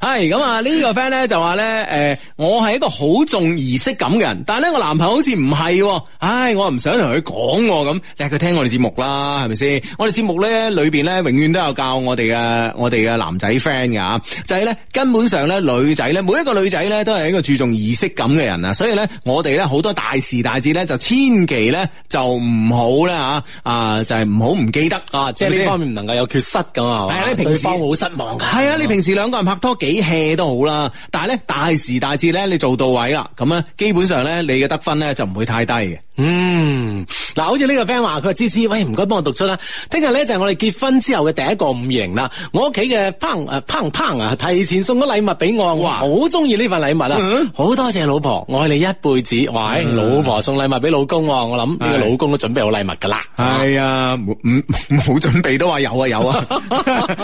係咁啊，呢個 friend 咧就話咧，誒、呃，我係一個好重儀式感嘅人，但係咧我男朋友好似唔係，唉，我唔想同佢講，咁你佢聽我哋節目啦，係咪先？我哋節目咧裏邊咧，永遠都有教我哋嘅我哋嘅男仔 friend、啊、就係、是、咧根本上咧女仔咧，每一個女仔咧都係一個注重儀式感嘅人啊，所以咧我哋咧好多大事大節咧就千。千祈咧就唔好咧吓，啊就係唔好唔記得啊，即係呢方面唔能夠有缺失咁啊嘛，係啊，你對方好失望噶，係啊，你平時兩、啊、個人拍拖幾 hea 都好啦，但係咧大時大節咧你做到位啦，咁咧基本上咧你嘅得分咧就唔會太低嘅。嗯，嗱，好似呢個 friend 話佢芝芝，喂，唔該幫我讀出啦。聽日咧就係、是、我哋結婚之後嘅第一個五二零啦。我屋企嘅烹誒烹啊，提前送咗禮物俾我，嘩，好中意呢份禮物啊，好、嗯、多謝老婆，愛你一輩子。喂，嗯、老婆送禮物俾老公、啊，我諗呢個老公都準備好禮物噶啦。係的啊，冇唔冇準備都話有啊，有啊，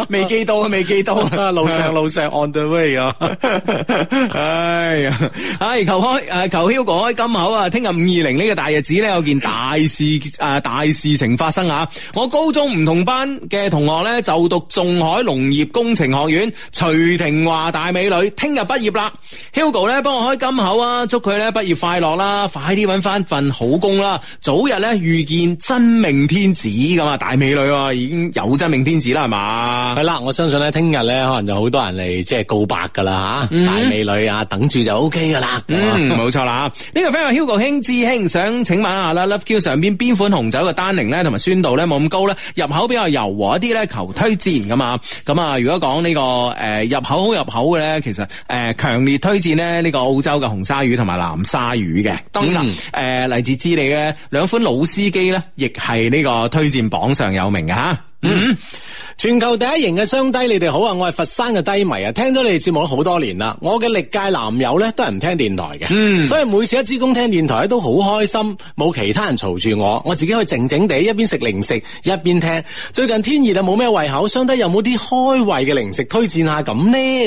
未寄 [laughs] 到啊，未寄到啊，路上路上 on the way 啊。係、 [laughs] 哎、呀，唉、哎，求開，求修哥開金口啊，聽日五二零呢個大指咧有件大事啊， [laughs] 大事情發生啊！我高中唔同班嘅同學咧就讀仲海農業工程學院，徐婷華大美女，聽日畢業啦！Hugo 咧幫我開金口啊，祝佢咧畢業快樂啦，快啲揾翻份好工啦，早日咧遇見真命天子咁啊！大美女啊已經有真命天子啦，係嘛？係啦，我相信咧聽日咧可能就好多人嚟即係告白噶啦吓，嗯、大美女啊，等住就 OK 噶啦，冇錯啦！呢 [laughs] 個 friend Hugo 兄志兄想。請問下啦，Love、那個、Q 上邊邊款紅酒嘅單寧咧，同埋酸度咧冇咁高咧，入口比較柔和一啲咧，求推薦噶嘛？咁啊，如果講呢、這個誒、呃、入口好入口嘅咧，其實誒、呃、強烈推薦咧呢個澳洲嘅紅鯊魚同埋藍鯊魚嘅。當然啦，誒嚟、嗯呃、自智利嘅兩款老司機咧，亦係呢個推薦榜上有名嘅嚇。嗯嗯全球第一型嘅雙低，你哋好啊！我係佛山嘅低迷啊，聽咗你哋節目好多年啦。我嘅歷屆男友咧都係唔聽電台嘅，嗯，所以每次一支公聽電台咧都好開心，冇其他人嘈住我，我自己可以靜靜地一邊食零食一邊聽。最近天熱啊，冇咩胃口，雙低有冇啲開胃嘅零食推薦下咁咧？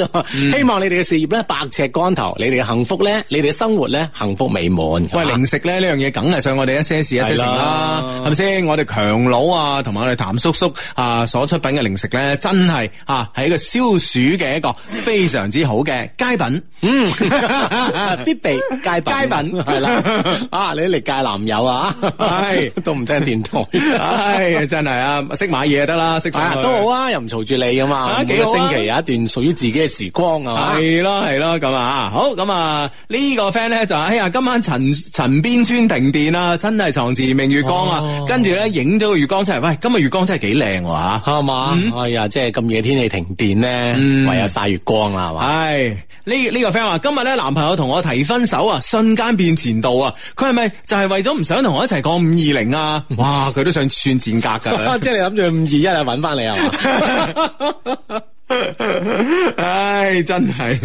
希望你哋嘅事業咧百尺竿頭，你哋嘅幸福咧，你哋嘅生活咧幸福美滿。喂，零食咧呢樣嘢梗係上我哋一些事一些情啦，係咪先？我哋強佬啊，同埋我哋譚叔叔啊所出品嘅。零食咧真係啊，係一個消暑嘅一個非常之好嘅佳品，嗯， [laughs] 必備佳品，係啦，啊，你嚟業男友啊，係、哎、都唔聽電台，係、哎、真係啊，識買嘢得啦，識都、哎、好啊，又唔嘈住你噶嘛，幾個、啊啊、星期有一段屬於自己嘅時光啊，係咯係咯，咁啊，好咁啊，這個、呢個 friend 咧就哎呀，今晚陳陳邊村停電啦、啊，真係藏字明月光啊，跟住咧影咗個月光出嚟，喂、哎，今日月光真係幾靚吓，係嘛？嗯、哎呀，即係咁夜天氣停電咧，嗯、唯有晒月光啦，係嘛？係呢呢個 friend 話今日咧，男朋友同我提分手啊，瞬間變前度啊，佢係咪就係為咗唔想同我一齊講五二零啊？哇，佢都想串戰格噶， [laughs] 即係你諗住五二一啊，搵翻你啊？ [laughs] [laughs] [laughs] 唉，真係，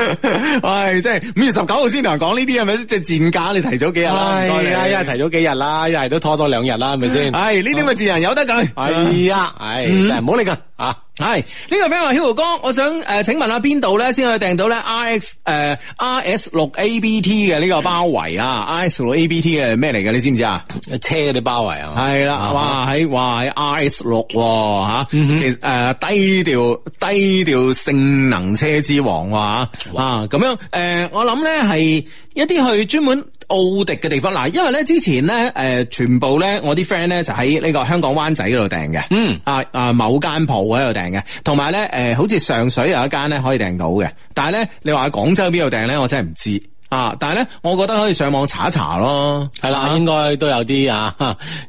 [laughs] 唉，即係五月十九號先同人講呢啲係咪？即係賤價，你提早幾日啦，係啊唉，一係提早幾日啦，一係都拖多兩日啦，係咪先？唉，呢啲咪自然有得計，唉呀，唉，嗯、真係唔好理噶。啊，係呢、這個 friend 話 Hero 哥，我想誒、呃，請問下邊度咧先可以訂到咧 R X 誒、呃、，R S 六 A B T 嘅呢個包圍啊 R S 六 A B T 嘅係咩嚟嘅？你知唔知啊？車嘅啲包圍啊，係啦，哇，喺、啊、哇喺 R S 六吓、啊，其實誒低調低調性能車之王啊，咁哇、啊、樣誒、呃，我諗咧係。一啲去專門奧迪嘅地方嗱，因為咧之前咧、呃、全部咧我啲 friend 咧就喺呢個香港灣仔嗰度訂嘅，嗯啊啊某間鋪喺度訂嘅，同埋咧、呃、好似上水有一間咧可以訂到嘅，但係咧你話喺廣州邊度訂咧，我真係唔知。啊！但係咧，我覺得可以上網查一查咯，係啦，啊、應該都有啲啊，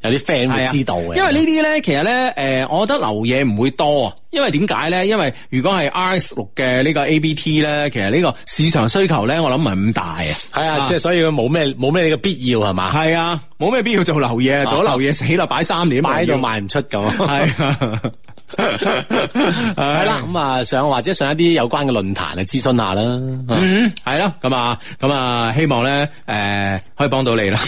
有啲 friend 會知道嘅。因為呢啲咧，其實咧，誒、呃，我覺得流嘢唔會多啊。因為點解咧？因為如果係 RS 六嘅呢個 ABT 咧，其實呢個市場需求咧，我諗唔係咁大的啊。係啊，即係所以佢冇咩冇咩嘅必要係嘛？係啊，冇咩必要做流嘢，啊、做流嘢死啦，擺、啊、三年賣都賣唔出咁。的 [laughs] [laughs] 係啦，咁啊上或者上一啲有關嘅論壇嚟諮詢下啦，嗯，係啦，咁啊，咁啊，希望咧，誒、呃，可以幫到你啦。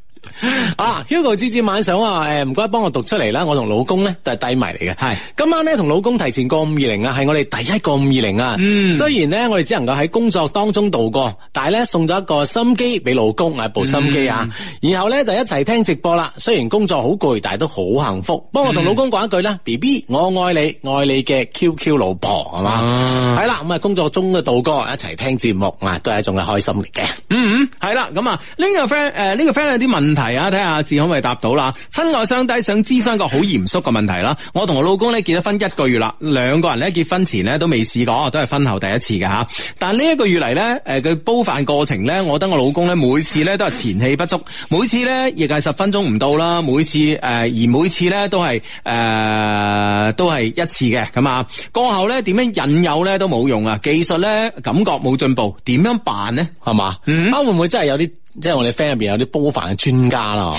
[laughs] [laughs] 啊，Hugo 姊姊晚上啊，誒，唔該幫我讀出嚟啦。我同老公咧都係低迷嚟嘅，係是今晚咧同老公提前過五二零啊，係我哋第一個五二零啊。雖然咧我哋只能夠喺工作當中度過，但係咧送咗一個心機俾老公啊，部心機啊，然後咧就一齊聽直播啦。雖然工作好攰，但係都好幸福。幫我同老公講一句啦，B B，我愛你，愛你嘅 Q Q 老婆係嘛，係啦、啊。咁啊，工作中嘅度過，一齊聽節目啊，都係一種嘅開心嚟嘅。嗯嗯，係啦，咁啊呢個 friend 誒呢個 friend 有啲問。題啊，睇下阿志可唔可以答到啦？親愛相低想諮詢個好嚴肅嘅問題啦。我同我老公咧結咗婚一個月啦，兩個人咧結婚前咧都未試過，都係婚後第一次嘅吓。但呢一個月嚟咧，誒佢煲飯過程咧，我覺得我老公咧每次咧都係前戲不足，每次咧亦係十分鐘唔到啦。每次誒、呃、而每次咧都係誒、呃、都係一次嘅咁、嗯、啊。過後咧點樣引誘咧都冇用啊，技術咧感覺冇進步，點樣辦咧係嘛？嗯，會唔會真係有啲？即係我哋 friend 入邊有啲煲飯嘅專家啦，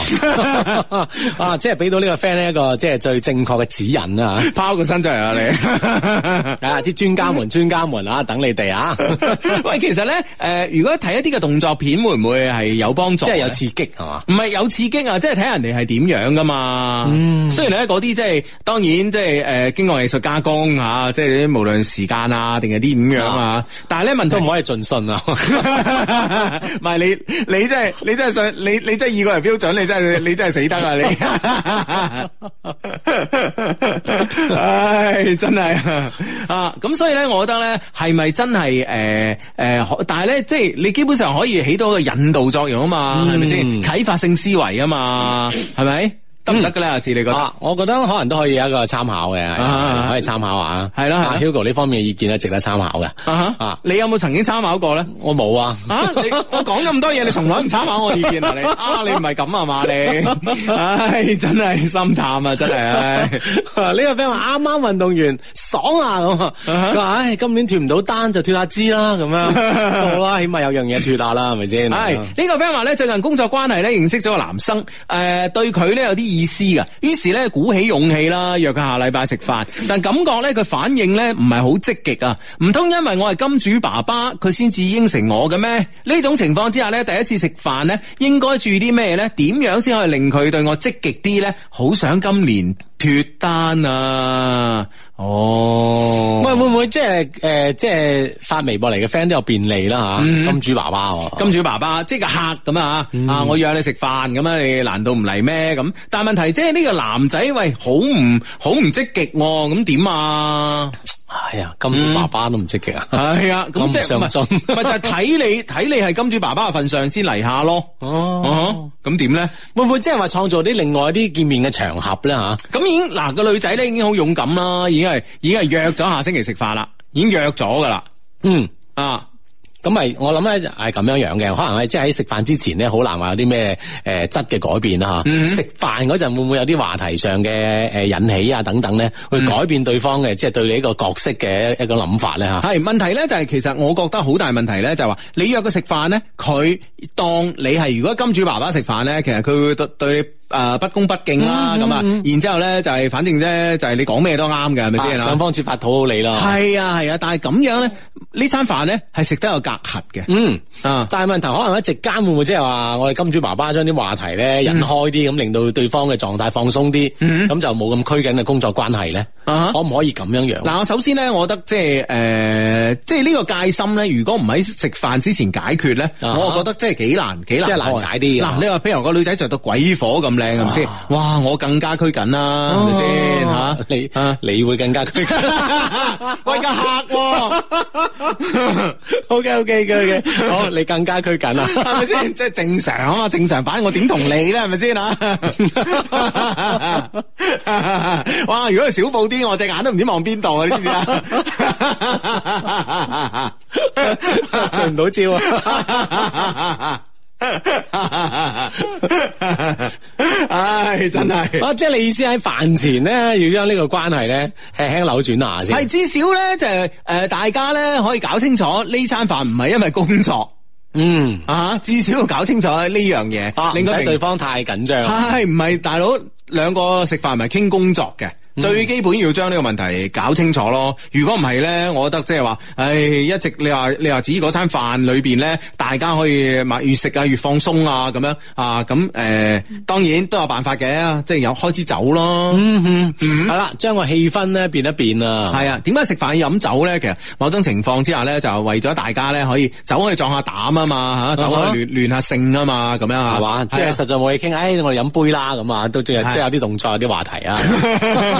[laughs] 啊，即係俾到呢個 friend 呢一個即係最正確嘅指引啊。拋個身出嚟啊你 [laughs] 啊，睇下啲專家們、專家們啊，等你哋啊。喂， [laughs] 其實咧，誒、呃，如果睇一啲嘅動作片會唔會係有幫助？即係有刺激係嘛？唔係有刺激啊，即係睇人哋係點樣噶嘛。嗯，雖然咧嗰啲即係當然即係誒，經過藝術加工吓、啊啊，即係無論時間啊定係啲咁樣啊，啊但係咧問題唔可以盡信啊。唔係你你。你真係你真係想你你真係以個人標準，你真係你真係死得啊你， [laughs] [laughs] 唉真係啊。咁所以咧，我覺得咧係咪真係誒誒？但係咧，即係你基本上可以起到個引導作用啊嘛，係咪先啟發性思維啊嘛，係咪、嗯？是行不行呢得唔得噶啦，阿志你覺得？我覺得可能都可以一個參考嘅，可以參考下，係咯，啊啊，Hugo 呢方面嘅意見咧，值得參考嘅。啊，啊你有冇曾經參考過咧？我冇啊，啊。你，我講咁多嘢， [laughs] 你從來唔參考我意見啊？你啊，你唔係咁啊嘛？你，唉，哎，真係心淡啊！真係。呢，哎、 [laughs] 個 friend 啱啱運動完，爽啊咁啊。佢話，唉，哎，今年脱唔到單，就脱下支啦咁樣。好啦，起碼有樣嘢脱下啦，係咪先？係呢，啊這個 friend 話咧，最近工作關係咧，認識咗個男生，誒，對佢咧有啲。意思㗎，於是咧鼓起勇氣啦，約佢下禮拜食飯。但感覺咧佢反應咧唔係好積極啊，唔通因為我係金主爸爸，佢先至應承我嘅咩？呢種情況之下咧，第一次食飯咧，應該注意啲咩咧？點樣先可以令佢對我積極啲咧？好想今年脫單啊！哦，喂，會唔會即係誒，即、呃、係、就是、發微博嚟嘅 friend 都有便利啦吓，嗯、金主爸爸，金主爸爸，即係個客咁啊！嗯、啊，我約你食飯咁啊，你難道唔嚟咩？咁但係問題即係呢個男仔喂，好唔好唔積極喎？咁點啊？係啊、哎，金主爸爸都唔積極啊，係啊、嗯，咁唔、 [laughs] 哎、上進，咪就睇、係、你睇 [laughs] 你係金主爸爸嘅份上先嚟下咯。哦、啊，咁點咧？呢會唔會即係話創造啲另外啲見面嘅場合咧吓？咁 [laughs] 已經嗱、嗰個女仔咧已經好勇敢啦，已經係已經係約咗下星期食飯啦，已經約咗噶啦，嗯啊。咁咪我諗咧，係咁樣樣嘅，可能係即係喺食飯之前咧，好難話有啲咩誒質嘅改變吓。食飯嗰陣會唔會有啲話題上嘅誒引起啊等等咧，去改變對方嘅，即係、嗯、對你一個角色嘅一個個諗法咧吓。係問題咧、就係，就係其實我覺得好大問題咧、就係，就話你約佢食飯咧，佢。當你係如果金主爸爸食飯咧，其實佢會對對你誒、呃、不恭不敬啦，咁啊，然之後咧就係反正咧就係你講咩都啱嘅，係咪先啊？想方設法討好你咯。係啊係啊，但係咁樣咧呢餐飯咧係食得有隔閡嘅。嗯啊，但係問題可能一直間會唔會即係話我哋金主爸爸將啲話題咧引開啲，咁令到對方嘅狀態放鬆啲，咁、嗯、就冇咁拘謹嘅工作關係咧。啊、哈可唔可以咁樣樣？嗱、啊，我首先咧，我覺得即係誒，即係呢、呃、個戒心咧，如果唔喺食飯之前解決咧，啊哈我啊覺得即即係幾難，幾難，即係難解啲。嗱，你話譬如個女仔着到鬼火咁靚，係咪先？哇，我更加拘謹啦，係咪先吓？你，你會更加拘謹，我係個客。O K O K，嘅嘅，哦，你更加拘謹啊，係咪先？即係正常啊嘛，正常，反正我點同你咧，係咪先啊？哇，如果係小布啲，我隻眼都唔知望邊度啊！你知唔知啊？做唔到招，啊，唉，真係、 [laughs] 哦，即係你意思喺飯前咧，要將呢個關係咧輕輕扭轉下先。係至少咧就誒、係呃，大家咧可以搞清楚呢餐飯唔係因為工作，嗯啊，至少要搞清楚呢樣嘢，啊、令到對方太緊張。係唔係大佬兩個食飯唔係傾工作嘅？最基本要將呢個問題搞清楚咯，如果唔係咧，我覺得即係話，唉，一直你話你話指嗰餐飯裏邊咧，大家可以買越食啊越放鬆啊咁樣啊，咁、啊、誒、啊啊，當然都有辦法嘅，即係有開始走咯，係啦、嗯哼，將個氣氛咧變一變啊，係啊，點解食飯要飲酒咧？其實某種情況之下咧，就為咗大家咧可以酒可以壯下膽啊嘛，吓、啊，酒可以亂亂下性啊嘛，咁樣係嘛，吧啊、即係實在冇嘢傾，誒、啊哎，我哋飲杯啦，咁啊，都即係有啲動作，有啲話題啊。 [laughs]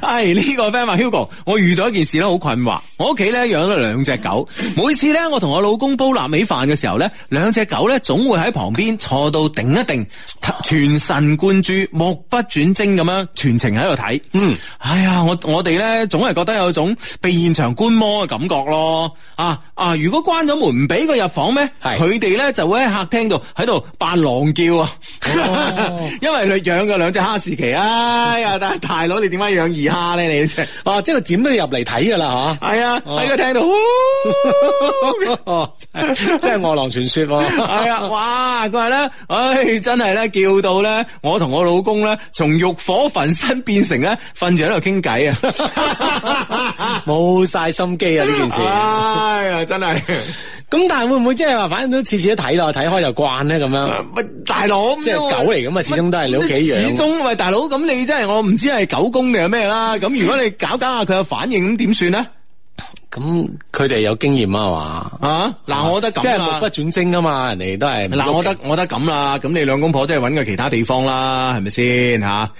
係呢 [laughs] 個 friend Hugo，我遇到一件事咧，好困惑。我屋企咧養咗兩隻狗，每次咧我同我老公煲臘味飯嘅時候咧，兩隻狗咧總會喺旁邊坐到定一定，全神貫注、目不轉睛咁樣全程喺度睇。嗯，哎呀，我我哋咧總係覺得有一種被現場觀摩嘅感覺咯。啊啊，如果關咗門唔俾佢入房咩？佢哋咧就會喺客廳度喺度扮狼叫啊，哦、 [laughs] 因為你養嘅兩隻哈士奇啊，但、哎、係大，大佬。你點解養二蝦咧？你即係，哦，即係點都要入嚟睇噶啦，吓係啊！大家、啊哦、聽到哦，真係餓狼傳說啊！係啊，哇！佢話咧，唉、哎，真係咧，叫到咧，我同我老公咧，從欲火焚身變成咧，瞓住喺度傾偈啊！冇晒心機啊！呢件事，哎呀，真係。咁但係會唔會即係話，反正都次次都睇咯，睇開就慣咧，咁樣。咪大佬，即係狗嚟咁啊，我始終都係你屋企養。始終喂大佬咁，你真係我唔知係狗。老公定係咩啦？咁如果你搞搞下佢嘅反應，咁點算咧？咁佢哋有經驗啊嘛？啊，嗱，我覺得咁即係目不轉睛啊嘛，人哋都係嗱，我覺得我覺得咁啦。咁你兩公婆即係揾個其他地方啦，係咪先吓？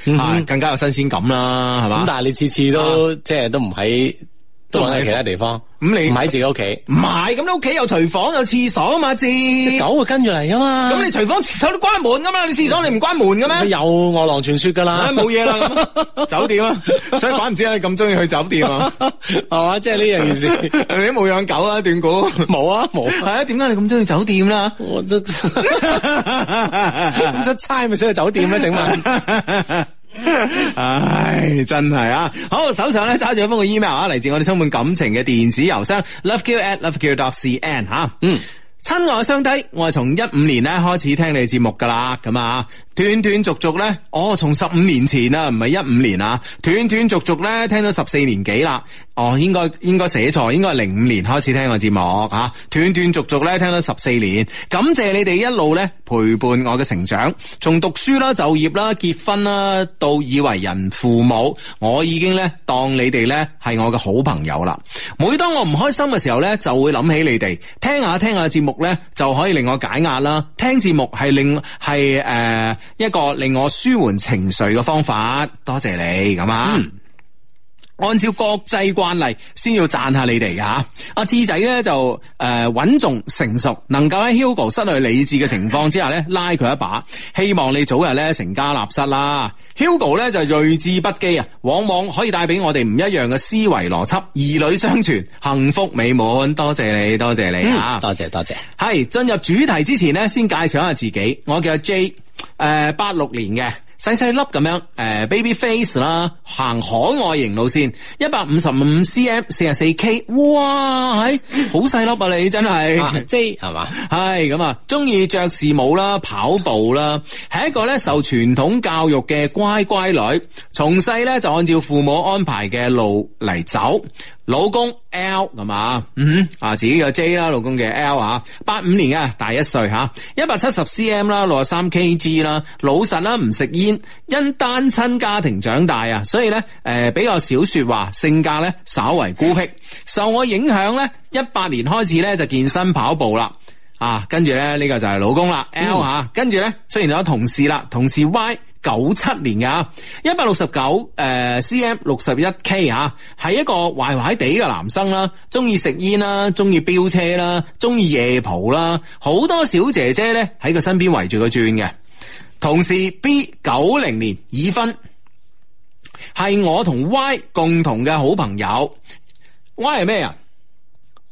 更加有新鮮感啦，係嘛？咁、啊、但係你次次都即係都唔喺。都喺其他地方，唔喺自己屋企，唔係咁你屋企有廚房有廁所啊嘛？隻狗會跟住嚟啊嘛？咁你廚房廁所都關門噶嘛？你廁所你唔關門嘛？咩？有惡狼傳說噶啦，冇嘢啦， [laughs] 酒店啊，所以怪唔知你咁中意去酒店啊，係嘛、 [laughs] 哦？即係呢樣件事， [laughs] 你都冇養狗啊？斷估？冇啊冇，係啊？點解、啊 [laughs] 啊、你咁中意酒店啦、啊？出差咪想去酒店咩、啊？請問？ [laughs] [laughs] 唉，真係啊！好，手上咧揸住一封個 email 啊，嚟自我哋充滿感情嘅電子郵箱 loveq at loveq dot cn 吓，嗯。親愛嘅兄弟，我係從一五年咧開始聽你節目噶啦，咁啊斷斷續續咧，我從十五年前啊，唔係一五年啊，斷斷續續咧聽咗十四年幾啦，哦應該應該寫錯，應該係零五年開始聽我節目吓，斷斷續續咧聽咗十四年，感謝你哋一路咧陪伴我嘅成長，從讀書啦、就業啦、結婚啦到以為人父母，我已經咧當你哋咧係我嘅好朋友啦。每當我唔開心嘅時候咧，就會諗起你哋，聽下聽下節目。咧就可以令我解壓啦，聽節目係令係誒、呃、一個令我舒緩情緒嘅方法，多謝你咁啊。按照國際慣例，先要讚下你哋噶吓。阿、啊、志仔咧就誒穩、呃、重，成熟，能夠喺 Hugo 失去理智嘅情況之下咧 [laughs] 拉佢一把，希望你早日咧成家立室啦。Hugo 咧就是、睿智不羈啊，往往可以帶俾我哋唔一樣嘅思維邏輯。兒女雙全，幸福美滿。多謝你，多謝你吓、嗯，多謝多謝。係進入主題之前呢，先介紹下自己，我叫 J，誒八六年嘅。細細粒咁樣，誒、呃，baby face 啦，行可愛型路線，一百五十五 cm，四十四 k，哇，唉，好細粒啊！你真係，即係嘛，係咁啊，中意爵士舞啦，跑步啦，係一個咧受傳統教育嘅乖乖女，從細咧就按照父母安排嘅路嚟走。老公 L 嗯啊，自己個 J 啦，老公嘅 L 啊，八五年嘅，大一歲吓，一百七十 CM 啦，六十三 KG 啦，老實啦，唔食煙，因單親家庭長大啊，所以咧，誒比較少說話，性格咧稍為孤僻，受我影響咧，一八年開始咧就健身跑步啦，啊，跟住咧呢個就係老公啦，L 吓、嗯，跟住咧雖然有同事啦，同事 Y。九七年嘅，一百六十九，誒，C M 六十一 K 啊，係一個壞壞地嘅男生啦，中意食煙啦，中意飆車啦，中意夜蒲啦，好多小姐姐咧喺佢身邊圍住佢轉嘅。同時 B 九零年已婚，係我同 Y 共同嘅好朋友。Y 係咩人？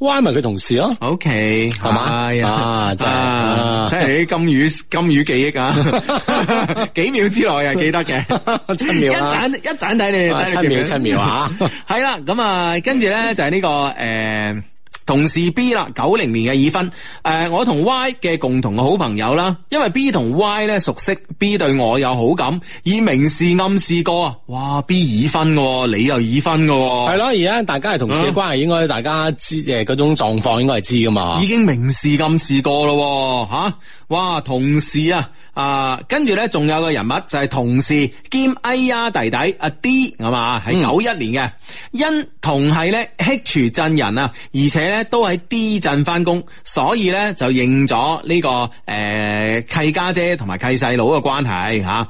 歪埋佢同事咯？OK，係嘛？哎呀，真係睇你金魚金魚記憶啊！幾秒之內又記得嘅，七秒啦，一盞一盞睇你，七秒七秒嚇。係啦，咁啊，跟住咧就係呢個誒。同事 B 啦，九零年嘅已婚。誒、呃，我同 Y 嘅共同嘅好朋友啦，因為 B 同 Y 咧熟悉，B 對我有好感，以明示暗示過。哇，B 已婚喎，你又已婚喎，係咯，而家大家係同事嘅關係，啊、應該大家知誒嗰種狀況，應該係知噶嘛。已經明示暗示過咯，吓、啊、哇，同事啊。啊，跟住咧，仲有個人物就係、是、同事兼哎呀弟弟阿 D 係嘛，喺九一年嘅，因同係咧 H 鎮人啊，而且咧都喺 D 鎮翻工，所以咧就認咗呢、這個誒、呃、契家姐同埋契細佬嘅關係吓。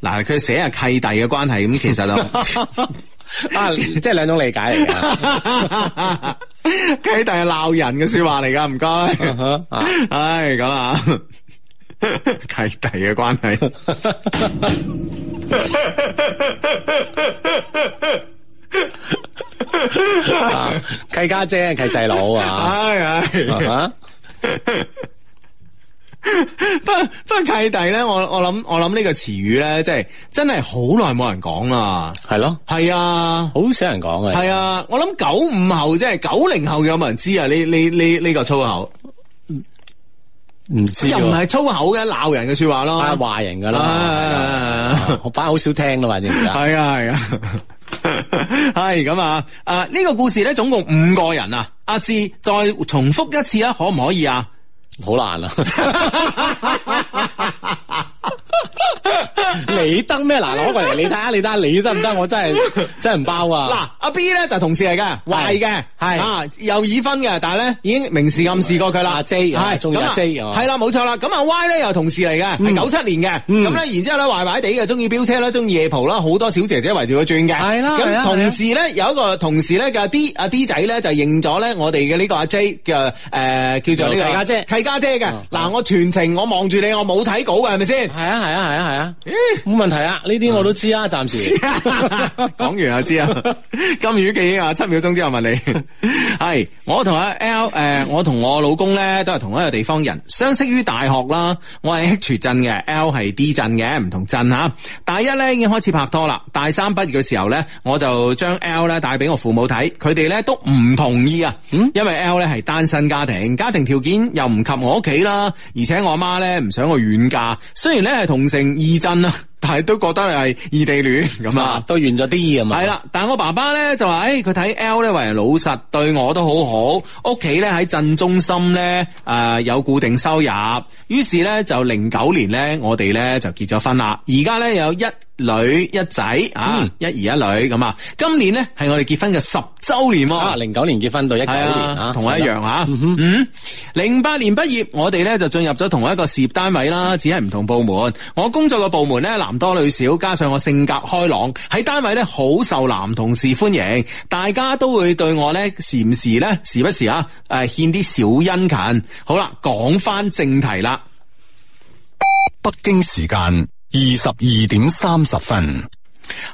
嗱，佢寫係契弟嘅關係，咁、啊、其實就、 [laughs] [laughs] 啊、即係兩種理解嚟噶。 [laughs] 契弟係鬧人嘅說話嚟噶，唔該。唉、uh，咁、huh. 啊、uh。Huh. 哎契弟嘅關係，契家 [laughs] 姐，契細佬啊，係係啊，不不過契弟咧，我我諗我諗呢個詞語咧，即係真係好耐冇人講啦，係咯，係啊，好少人講嘅，係啊，我諗九五後即係九零後，嘅有冇人知啊？呢呢呢呢個粗口。唔知又唔係粗口嘅，鬧人嘅說話咯，啊、話人噶啦，我班好少聽㗎嘛，正係啊，係啊，係咁啊，誒，呢個故事咧總共五個人啊，阿志再重複一次啊，可唔可以啊？好難啊！ [laughs] [laughs] 你登咩？嗱，攞過嚟，你睇下，你得，你得唔得？我真係真係唔包啊！嗱，阿 B 咧就同事嚟噶，壞嘅，係啊，又已婚嘅，但係咧已經明示暗示過佢啦。阿 J 係中意阿 J，係啦，冇錯啦。咁阿 Y 咧又同事嚟嘅，係九七年嘅，咁咧然之後咧壞壞地嘅，中意飆車啦，中意夜蒲啦，好多小姐姐圍住佢轉嘅，係啦，咁同時咧有一個同事咧叫係 D，阿 D 仔咧就認咗咧我哋嘅呢個阿 J 嘅誒，叫做契家姐，契家姐嘅。嗱，我全程我望住你，我冇睇稿嘅，係咪先？係啊，係。啊係啊係啊，冇、啊啊、問題啊，呢啲我都知啊，暫時講 [laughs] 完就知啊，金魚記憶啊，七秒鐘之後問你，係我同阿 L 誒，我同我，我老公咧都係同一個地方人，相識於大學啦，我係 H 鎮嘅，L 係 D 鎮嘅，唔同鎮吓，大一咧已經開始拍拖啦，大三畢業嘅時候咧，我就將 L 咧帶俾我父母睇，佢哋咧都唔同意啊，嗯，因為 L 咧係單身家庭，家庭條件又唔及我屋企啦，而且我媽咧唔想我遠嫁，雖然咧係同。形成二鎮啊。係都覺得係異地戀咁啊，都遠咗啲咁係啦，但係我爸爸咧就話：，誒、欸，佢睇 L 咧為人老實，對我都好好。屋企咧喺鎮中心咧，誒、呃、有固定收入。於是咧就零九年咧，我哋咧就結咗婚啦。而家咧有一女一仔啊，嗯、一兒一女咁啊。今年咧係我哋結婚嘅十周年、啊。零九、啊、年結婚到一九年，啊啊、同我一樣啊，啊。嗯，零八年畢業，我哋咧就進入咗同一個事業單位啦，只係唔同部門。我工作嘅部門咧南多女少，加上我性格開朗，喺單位咧好受男同事歡迎，大家都會對我咧時唔時咧時不時啊誒獻啲小殷勤。好啦，講返正題啦。北京時間二十二點三十分。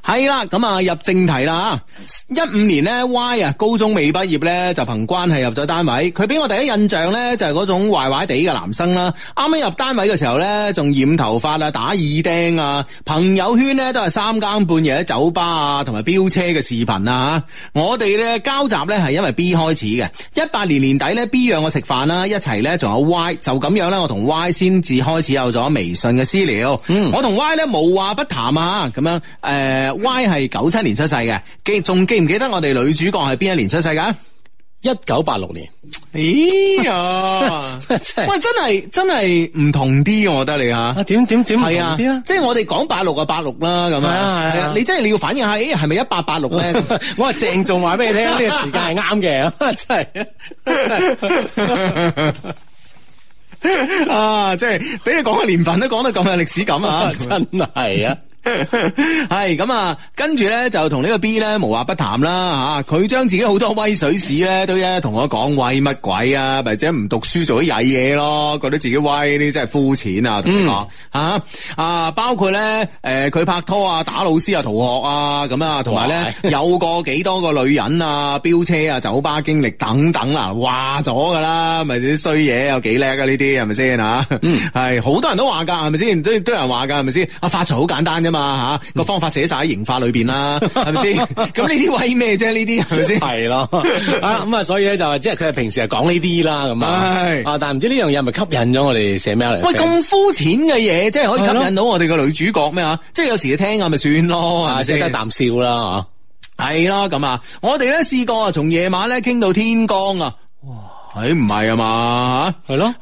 係啦，咁啊入正題啦吓。一五年呢 Y 啊高中未畢業呢，就憑關係入咗單位。佢俾我第一印象呢，就係嗰種壞壞地嘅男生啦。啱啱入單位嘅時候呢，仲染頭髮啊，打耳釘啊。朋友圈呢都係三更半夜喺酒吧啊，同埋飆車嘅視頻啊。我哋呢交集呢，係因為 B 開始嘅。一八年年底呢 B 讓我食飯啦，一齊呢仲有 Y，就咁樣呢，我同 Y 先至開始有咗微信嘅私聊。嗯，我同 Y 呢，無話不談啊，咁樣誒。呃誒，Y 係九七年出世嘅，記仲記唔記得我哋女主角係邊一年出世嘅？一九八六年，咦、哎、呀！ [laughs] 真是喂，真係真係唔同啲，我覺得你啊點點點唔同啲啦？即係我哋講八六啊，八六啦，咁樣係啊，就是、啊，啊，你真係你要反應下，誒，係咪一八八六咧？我係鄭仲話俾你聽，呢個時間係啱嘅，真係 [laughs] 啊，真係啊，啊，即係俾你講個年份都講得咁有歷史感啊，真係啊！ [laughs] 係咁 [laughs] 啊，跟住咧就同呢個 B 咧無話不談啦吓，佢、啊、將自己好多威水史咧都一同我講威乜鬼啊，或者唔讀書做啲曳嘢咯，覺得自己威呢，真係膚淺啊，同你講吓、嗯、啊，啊，包括咧誒佢拍拖啊、打老師啊、逃學啊咁啊，同埋咧有過幾、啊、多個女人啊、飆 [laughs] 車啊、酒吧經歷等等啊話咗噶啦，咪啲衰嘢有幾叻啊是是呢啲係咪先吓係好、嗯、多人都話噶，係咪先？都都有人話噶，係咪先？啊發財好簡單啫。嘛吓，個方法寫晒喺刑法裏邊啦，係咪先？咁呢啲威咩啫？呢啲係咪先？係咯，咁啊，所以咧就即係佢係平時係講呢啲啦，咁啊，啊，但係唔知呢樣嘢係咪吸引咗我哋寫咩嚟？喂，咁膚淺嘅嘢，即係可以吸引到我哋個女主角咩吓？即係有時你聽下咪算咯，識得啖笑啦，吓係咯，咁啊，我哋咧試過從夜晚咧傾到天光啊，哇，唔係啊嘛，吓係咯，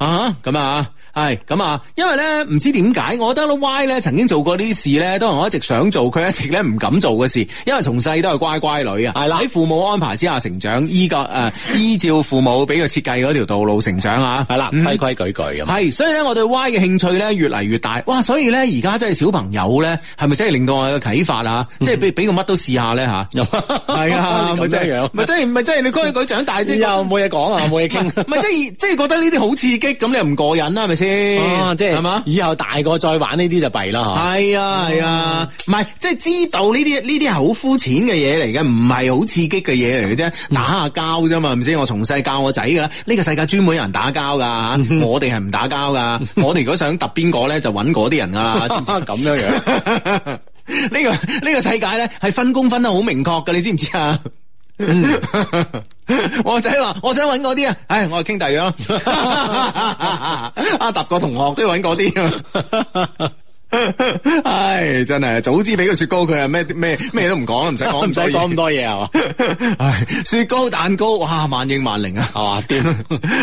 咁啊。係咁啊，因為咧唔知點解，我覺得咧 Y 咧曾經做過啲事咧，都係我一直想做，佢一直咧唔敢做嘅事，因為從細都係乖乖女啊，係啦的，喺父母安排之下成長，依個誒、呃、依照父母俾佢設計嗰條道路成長啊，係啦，規規矩矩咁。係、嗯，所以咧我對 Y 嘅興趣咧越嚟越大，哇！所以咧而家真係小朋友咧，係咪真係令到我嘅啟發啊？即係俾俾佢乜都試下咧吓，係有啊，咪真係樣，咪係咪真係你規規矩長大啲又冇嘢講啊，冇嘢傾，咪即係即係覺得呢啲好刺激，咁你又唔過癮啦，係咪先？Yeah. 哦，即係，以後大個再玩呢啲就弊啦，吓。係啊，係啊，唔係、哦，即係知道呢啲呢啲係好膚淺嘅嘢嚟嘅，唔係好刺激嘅嘢嚟嘅啫，打下交啫嘛，唔知我從細教我仔噶啦，呢、這個世界專門有人打交噶，我哋係唔打交噶，我哋 [laughs] 如果想揼邊個咧，就揾嗰啲人啊，咁樣 [laughs] 樣。呢、 [laughs] [laughs] 這個呢、這個世界咧係分工分得好明確噶，你知唔知啊？嗯、 [laughs] 我仔話：我想穩嗰啲啊，唉，我又傾大樣阿達個同學都要揾嗰啲 [laughs] [laughs] 唉，真係早知俾個雪糕佢 [laughs] 啊！咩咩咩都唔講啦，唔使講唔使講咁多嘢係嘛？唉，雪糕蛋糕哇，萬應萬靈啊係嘛？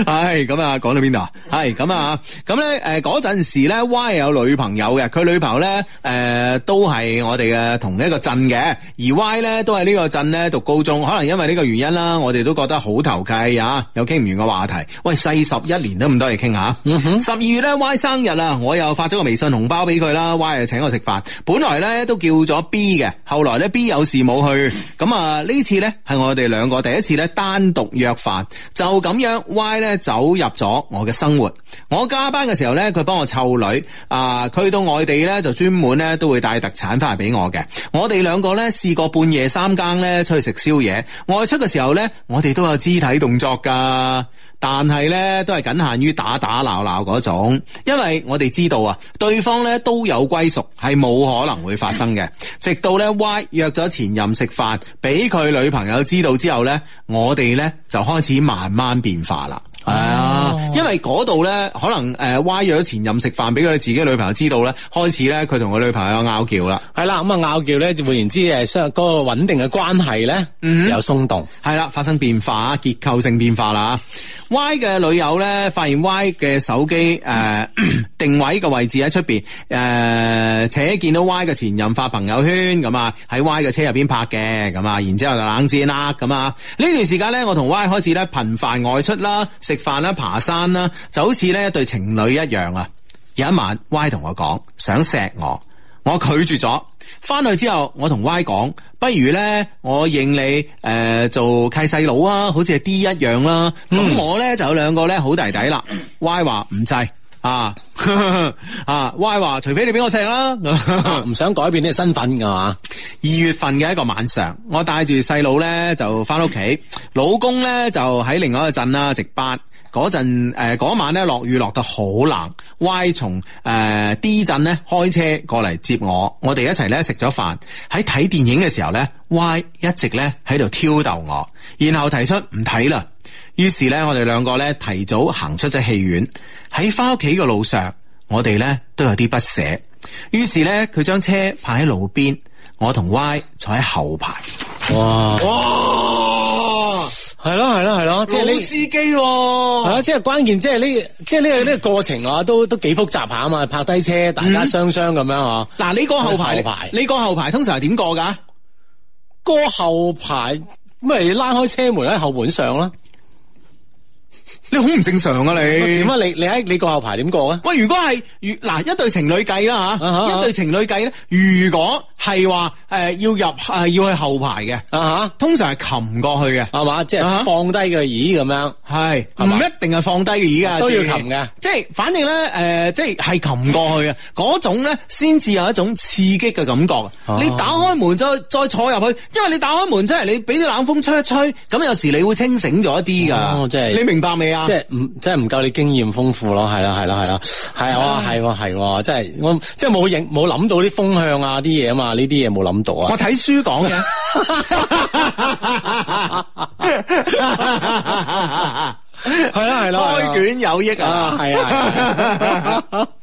哇 [laughs] 唉，咁 [laughs] 啊，講到邊度啊？係咁啊，咁咧誒，嗰陣時咧，Y 有女朋友嘅，佢女朋友咧誒、呃，都係我哋嘅同一個鎮嘅，而 Y 咧都係呢個鎮咧讀高中，可能因為呢個原因啦，我哋都覺得好投契啊，有傾唔完嘅話題。喂，四十一年都咁多嘢傾下。嗯哼，十二月咧 Y 生日啦，我又發咗個微信紅包俾佢。啦，Y 就請我食飯，本來咧都叫咗 B 嘅，後來咧 B 有事冇去，咁啊呢次呢係我哋兩個第一次咧單獨約飯，就咁樣 Y 咧走入咗我嘅生活。我加班嘅時候呢，佢幫我湊女，啊佢到外地呢就專門呢都會帶特產翻嚟俾我嘅。我哋兩個呢試過半夜三更呢出去食宵夜，外出嘅時候呢，我哋都有肢體動作噶。但係咧，都係僅限於打打鬧鬧嗰種，因為我哋知道啊，對方咧都有歸屬，係冇可能會發生嘅。直到咧，Y 約咗前任食飯，俾佢女朋友知道之後咧，我哋咧就開始慢慢變化啦。係啊，哦、因為嗰度咧，可能誒，Y 約咗前任食飯，俾佢哋自己女朋友知道咧，開始咧，佢同佢女朋友拗撬啦。係啦，咁啊拗撬咧，換言之誒，相嗰、那個穩定嘅關係咧，有鬆動，係啦、嗯，發生變化，結構性變化啦。嗯、Y 嘅女友咧，發現 Y 嘅手機誒、嗯呃、定位嘅位置喺出邊，誒、呃、且見到 Y 嘅前任發朋友圈咁啊，喺、呃、Y 嘅車入邊拍嘅，咁、呃、啊，然之後就冷戰啦，咁啊呢段時間咧，我同 Y 開始咧頻繁外出啦，食飯啦，爬山啦，就好似咧一對情侶一樣啊！有一晚，Y 同我講想錫我，我拒絕咗。翻去之後，我同 Y 講，不如咧我認你誒、呃、做契細佬啊，好似 D 一樣啦。咁、嗯、我咧就有兩個咧好弟弟啦。Y 話唔制。啊啊 [laughs] Y 話除非你俾我錫啦，唔想改變呢個身份噶嘛。二月份嘅一個晚上，我帶住細佬咧就翻屋企，老公咧就喺另外一個鎮啦，值班嗰陣誒，嗰晚咧落雨落得好冷，Y 從誒、呃、D 鎮咧開車過嚟接我，我哋一齊咧食咗飯，喺睇電影嘅時候咧 Y 一直咧喺度挑逗我，然後提出唔睇啦。於是咧，我哋兩個咧提早行出咗戲院。喺翻屋企嘅路上，我哋咧都有啲不捨。於是咧，佢將車泊喺路邊，我同 Y 坐喺後排。哇哇！係咯係咯係咯，即係、就是、你司機係啊！即係、就是、關鍵，即係呢，即係呢個呢、呢個過程啊，都都幾複雜下啊嘛，泊低車，大家雙雙咁樣啊。嗱、嗯，你個後排，後排你個後排通常係點過噶？個後排咪、就是、拉開車門喺後門上啦。你好唔正常啊！你點解你你喺你個後排點過啊？喂，如果係如嗱一對情侶計啦吓，一對情侶計咧、uh huh, uh huh.，如果係話誒要入係、呃、要去後排嘅啊吓，uh huh. 通常係擒過去嘅係嘛，即係放低個椅咁樣係，唔是吧一定係放低個椅㗎，都要擒嘅、呃，即係反正咧誒，即係係擒過去啊，嗰種咧，先至有一種刺激嘅感覺。Uh huh. 你打開門再再坐入去，因為你打開門出嚟，你俾啲冷風吹一吹，咁有時你會清醒咗一啲噶。Uh huh. 即係你明白未？即係唔即係唔夠你經驗豐富咯，係啦係啦係啦，係啊係啊係，即係、啊啊啊啊、我即係冇影冇諗到啲風向啊啲嘢啊嘛，呢啲嘢冇諗到啊，我睇書講嘅，係啦係啦，開卷有益啊，係啊。 [laughs]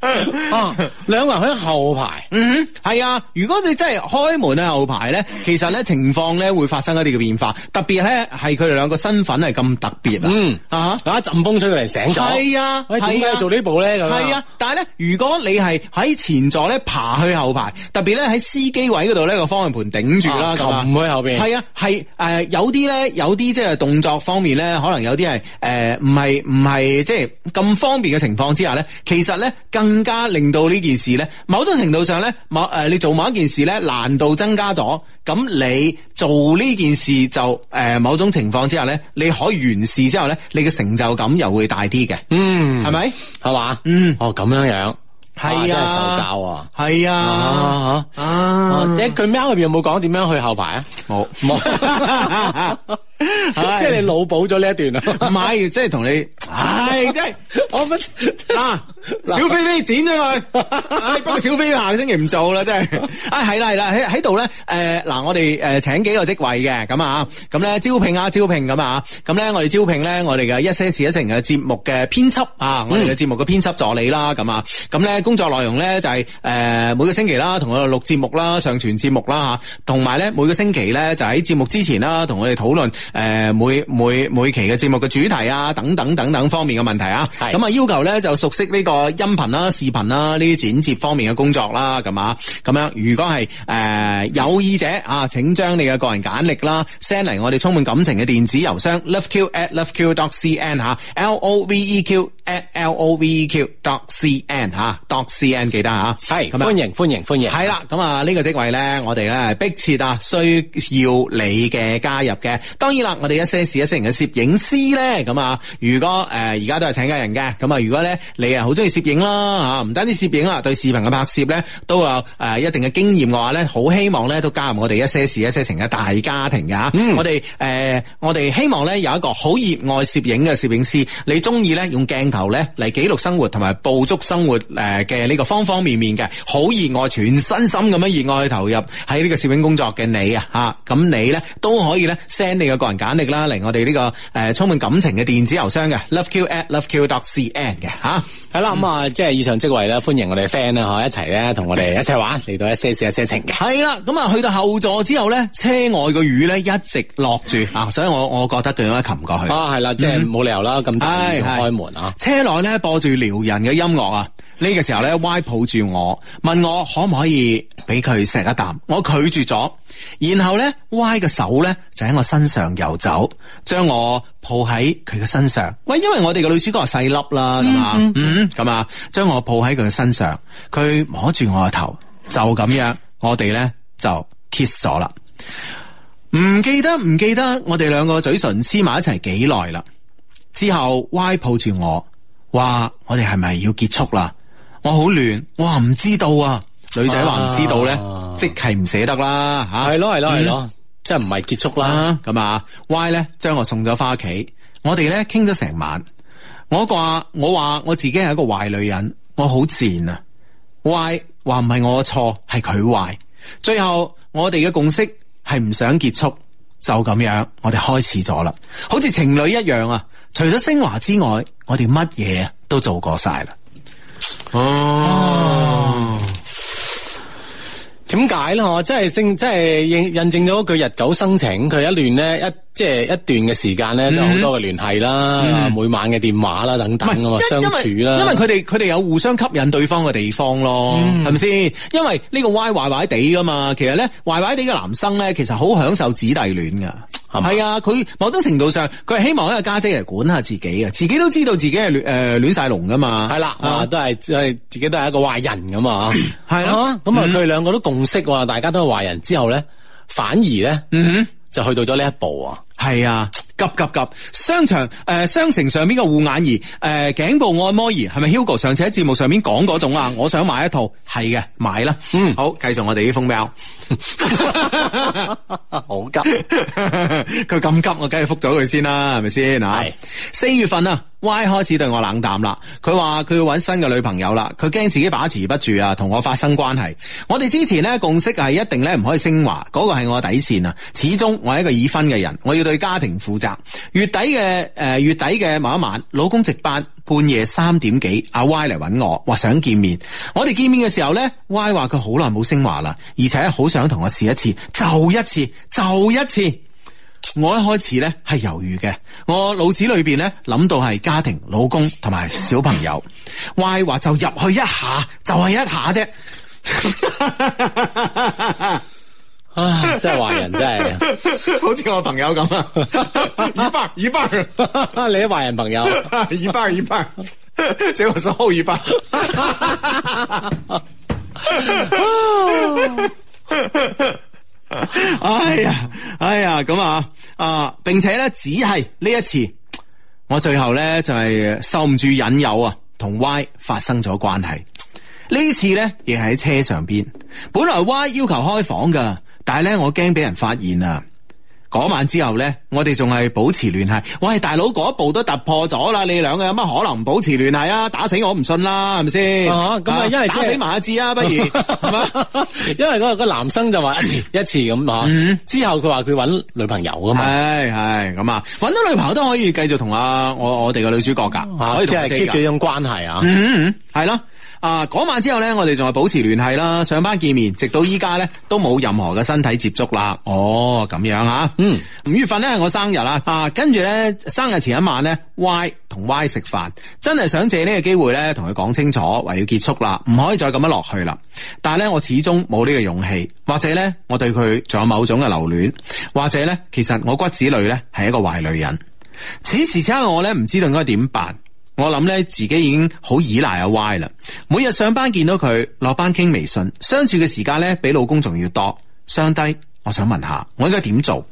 啊！兩 [laughs] 個人喺後排，嗯哼，係啊。如果你真係開門喺後排咧，其實咧情況咧會發生一啲嘅變化，特別咧係佢哋兩個身份係咁特別啊。嗯啊，一陣風吹過嚟醒咗，係啊，點解做呢步咧咁？係啊，但係咧，如果你係喺前座咧爬去後排，特別咧喺司機位嗰度呢個方向盤頂住啦，唔喺後邊。係啊，係誒、啊呃，有啲咧，有啲即係動作方面咧，可能有啲係誒唔係唔係即係咁方便嘅情況之下咧，其實咧更。更加令到呢件事咧，某種程度上咧，某、誒、呃、你做某一件事咧難度增加咗，咁你做呢件事就誒、呃、某種情況之下咧，你可以完事之後咧，你嘅成就感又會大啲嘅，嗯，係咪？係嘛吧？嗯，哦咁樣樣，係啊，受教啊，係啊，吓啊，即佢喵入邊有冇講點樣去後排啊？冇冇。 [laughs] [laughs] 即係你腦補咗呢一段啊？唔係，即係同你，係即係我乜啊？小飛飛剪咗佢，幫小飛飛下個星期唔做啦，真係啊係啦係啦喺喺度咧，誒嗱，我哋誒請幾個職位嘅，咁啊咁咧，招聘啊招聘，咁啊咁咧我哋招聘咧我哋嘅一些事一些情嘅節目嘅編輯啊，我哋嘅節目嘅編輯助理啦，咁啊咁咧工作內容咧就係誒每個星期啦同我哋錄節目啦，上傳節目啦吓，同埋咧每個星期咧就喺節目之前啦同我哋討論。誒、呃，每每每期嘅節目嘅主題啊，等等等等方面嘅問題啊，係咁啊，要求咧就熟悉呢個音頻啦、啊、視頻啦呢啲剪接方面嘅工作啦，咁啊，咁樣、啊、如果係誒、呃、有意者啊，請將你嘅個人簡歷啦 send 嚟我哋充滿感情嘅電子郵箱 loveq@loveq.com 吓，l o v e q@l o v e q.com 吓，dot c n、啊、是記得啊，係迎、啊，歡迎歡迎歡迎，係啦、啊，咁啊呢個職位咧，我哋咧迫切啊需要你嘅加入嘅，當然。啦，我哋一些事一些情嘅攝影師咧，咁啊，如果誒而家都係請家人嘅，咁啊，如果咧你啊好中意攝影啦，吓唔單止攝影啦，對視頻嘅拍攝咧都有誒一定嘅經驗嘅話咧，好希望咧都加入我哋一些事一些情嘅大家庭嘅吓、嗯呃，我哋誒我哋希望咧有一個好熱愛攝影嘅攝影師，你中意咧用鏡頭咧嚟記錄生活同埋捕捉生活誒嘅呢個方方面面嘅，好熱愛全身心咁樣熱愛去投入喺呢個攝影工作嘅你啊吓，咁你咧都可以咧 send 你嘅個。簡歷啦，嚟我哋呢，這個誒、呃、充滿感情嘅電子郵箱嘅 loveq@loveq.cn 嘅吓，係啦咁啊，即係以上職位啦，歡迎我哋 friend 啊，一齊咧同我哋一齊玩嚟到一些事一些情嘅，係啦，咁啊去到後座之後咧，車外個雨咧一直落住啊，所以我我覺得佢應該擒唔過去啊，係啦，嗯、即係冇理由啦，咁、嗯、就開門，是是啊，車內咧播住撩人嘅音樂啊，呢、嗯、個時候咧 y 抱住我，問我可唔可以俾佢錫一啖，我拒絕咗。然後咧，Y 嘅手咧就喺我身上游走，將我抱喺佢嘅身上。喂，因為我哋嘅女主角係細粒啦，咁啊，咁啊，將我抱喺佢嘅身上，佢摸住我嘅頭，就咁樣，我哋咧就 kiss 咗啦。唔記得唔記得，我哋兩個嘴唇黐埋一齊幾耐啦？之後 Y 抱住我，話：「我哋係咪要結束啦？我好亂，我話唔知道啊。女仔話唔知道咧，啊、即係唔捨得啦吓，係咯係咯係咯，即係唔係結束啦咁啊？Y 咧將我送咗翻屋企，我哋咧傾咗成晚，我話我話我自己係一個壞女人，我好賤啊！Y 話唔係我錯，係佢壞。最後我哋嘅共識係唔想結束，就咁樣我哋開始咗啦，好似情侶一樣啊！除咗升華之外，我哋乜嘢都做過晒啦。哦。啊點解咧？即係正，即係印印證咗佢日久生情，佢一戀咧一即係一段嘅時間咧就有好多嘅聯繫啦，嗯、每晚嘅電話啦等等，唔係噶嘛，相處啦，因為佢哋佢哋有互相吸引對方嘅地方咯，係咪先？因為呢個 Y 壞壞地噶嘛，其實咧壞壞地嘅男生咧，其實好享受姐弟戀噶。係啊，佢某種程度上，佢係希望一個家姐嚟管下自己啊。自己都知道自己係亂誒亂晒龍噶嘛，係啦、啊啊啊，都係即係自己都係一個壞人噶嘛，係啊，咁啊，佢哋兩個都共識話，大家都係壞人之後咧，反而咧，嗯哼，就去到咗呢一步啊，係啊。急急急！商場誒、呃，商城上邊嘅護眼儀誒，頸、呃、部按摩儀係咪 Hugo 上次喺節目上面講嗰種啊？我想買一套，係嘅，買啦。嗯，好，繼續我哋啲封 email 好急，佢咁 [laughs] 急，我梗係復咗佢先啦，係咪先？係。四月份啊，Y 開始對我冷淡啦，佢話佢要搵新嘅女朋友啦，佢驚自己把持不住啊，同我發生關係。我哋之前咧共識係一定咧唔可以升華，嗰個係我底線啊。始終我係一個已婚嘅人，我要對家庭負責。月底嘅誒、呃，月底嘅某一晚，老公值班，半夜三點幾，阿 Y 嚟揾我，話想見面。我哋見面嘅時候咧，Y 他很沒有聲話佢好耐冇升華啦，而且好想同我試一次，就一次，就一次。我一開始咧係猶豫嘅，我腦子裏邊咧諗到係家庭、老公同埋小朋友。嗯、y 話就入去一下，就係、是、一下啫。 [laughs] 啊！真係華人，真係好似我朋友咁啊，一半一半你你華人朋友一半一半，結果是後一半。哎呀，哎呀，咁啊啊，並且咧只係呢一次，我最後咧就係、是、受唔住引誘啊，同 Y 發生咗關係。次呢次咧亦喺車上邊，本來 Y 要求開房噶。但係咧，我驚俾人發現啊！嗰晚之後咧，我哋仲係保持聯繫。喂，大佬嗰一步都突破咗啦，你兩個有乜可能保持聯繫啊？打死我唔信啦，係咪先？咁啊，因為、即係、打死埋一次啊，不如， [laughs] 吧因為個個男生就話一次一次咁 [coughs] 啊。之後佢話佢搵女朋友㗎嘛？係係咁啊，搵到女朋友都可以繼續同啊。我我哋嘅女主角噶，啊、可以繼續 keep 住種關係啊。嗯，係咯。.啊！嗰晚之後呢，我哋仲係保持聯繫啦，上班見面，直到依家呢都冇任何嘅身體接觸啦。哦，咁樣吓、啊，嗯。五月份呢係我生日啦、啊，啊，跟住呢，生日前一晚呢 Y 同 Y 食飯，真係想借呢個機會呢同佢講清楚，話要結束啦，唔可以再咁樣落去啦。但係呢，我始終冇呢個勇氣，或者呢，我對佢仲有某種嘅留戀，或者呢，其實我骨子裏呢係一個壞女人。此時此刻我呢唔知道應該點辦。我諗咧，自己已經好依賴阿 Y 啦。每日上班見到佢，落班傾微信，相處嘅時間咧，比老公仲要多。相低，我想問下，我應該點做？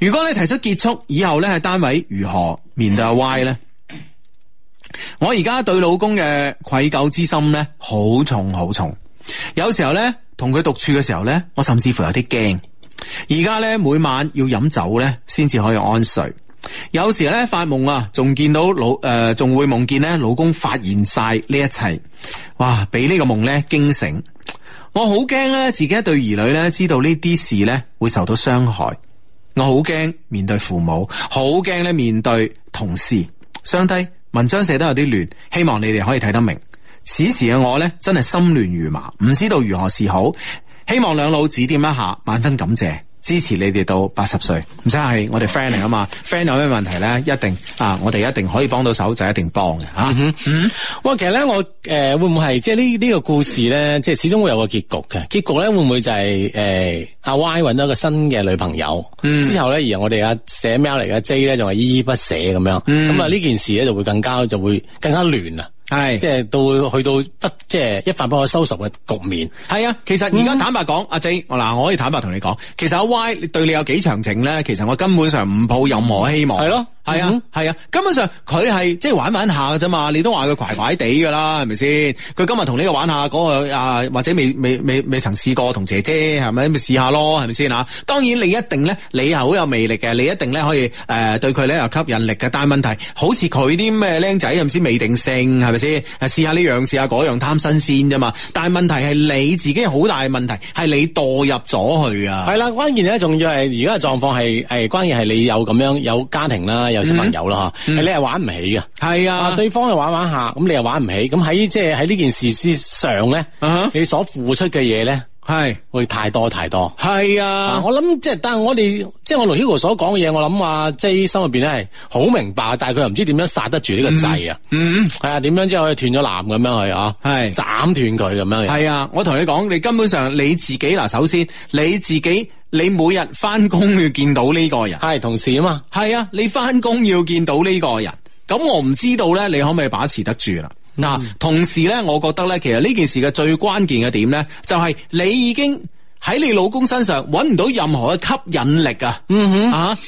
如果你提出結束以後咧，喺單位如何面對阿 Y 呢？我而家對老公嘅愧疚之心咧，好重好重。有時候咧，同佢獨處嘅時候咧，我甚至乎有啲驚。而家咧，每晚要飲酒咧，先至可以安睡。有時咧發夢啊，仲見到老誒，仲、呃、會夢見咧老公發現晒呢一切，哇！俾呢個夢咧驚醒，我好驚咧自己一對兒女咧知道呢啲事咧會受到傷害，我好驚面對父母，好驚咧面對同事。相低文章寫得有啲亂，希望你哋可以睇得明。此時嘅我咧真係心亂如麻，唔知道如何是好。希望兩老指點一下，萬分感謝。支持你哋到八十歲，唔使係我哋 friend 嚟啊嘛，friend、嗯、有咩問題咧，一定啊，我哋一定可以幫到手就係、一定幫嘅啊。嗯，嗯。哇，其實咧我誒、呃、會唔會係即係呢呢個故事咧，即係始終會有個結局嘅。結局咧會唔會就係誒阿 Y 揾咗個新嘅女朋友，嗯、之後咧而我哋阿寫 mail 嚟嘅 J 咧就係依依不捨咁樣，咁啊呢件事咧就會更加就會更加亂啊。係是，即係到去到不即係一發不可收拾嘅局面。係啊，其實而家坦白講，嗯、阿 J，嗱，我可以坦白同你講，其實阿 Y，你對你有幾長情咧？其實我根本上唔抱任何希望。係咯。係啊，係啊，根本上佢係即係玩玩下嘅啫嘛。你都話佢怪怪地嘅啦，係咪先？佢今日同呢個玩下，嗰個啊或者未未未未曾試過同姐姐，係咪咁咪試下咯？係咪先吓？當然你一定咧，你係好有魅力嘅，你一定咧可以誒對佢咧有吸引力嘅。但係問題好似佢啲咩僆仔又唔知未定性，係咪先？試下呢樣，試下嗰樣，貪新鮮啫嘛。但係問題係你自己好大問題，係你墮入咗去啊。係啦，關鍵咧，仲要係而家嘅狀況係係，關鍵係你有咁樣有家庭啦，有。小朋友啦，吓，你係玩唔起嘅，係啊，對方又玩玩下，咁你又玩唔起，咁喺即係喺呢件事之上咧，啊、哼你所付出嘅嘢咧。係，會太多太多，係啊，啊！我諗即係，但係我哋即係我盧曉豪所講嘅嘢，我諗話、啊，即係心入邊咧係好明白，但係佢又唔知點樣剎得住呢個掣啊、嗯！嗯，係啊，點樣之後可以斷咗纜咁樣去啊？係斬斷佢咁樣。係啊！我同你講，你根本上你自己嗱，首先你自己你每日翻工要見到呢個人，係同事啊嘛，係啊！你翻工要見到呢個人，咁我唔知道咧，你可唔可以把持得住啦？嗱，同時咧，我覺得咧，其實呢件事嘅最關鍵嘅點咧，就係你已經喺你老公身上揾唔到任何嘅吸引力啊！嗯哼。吓。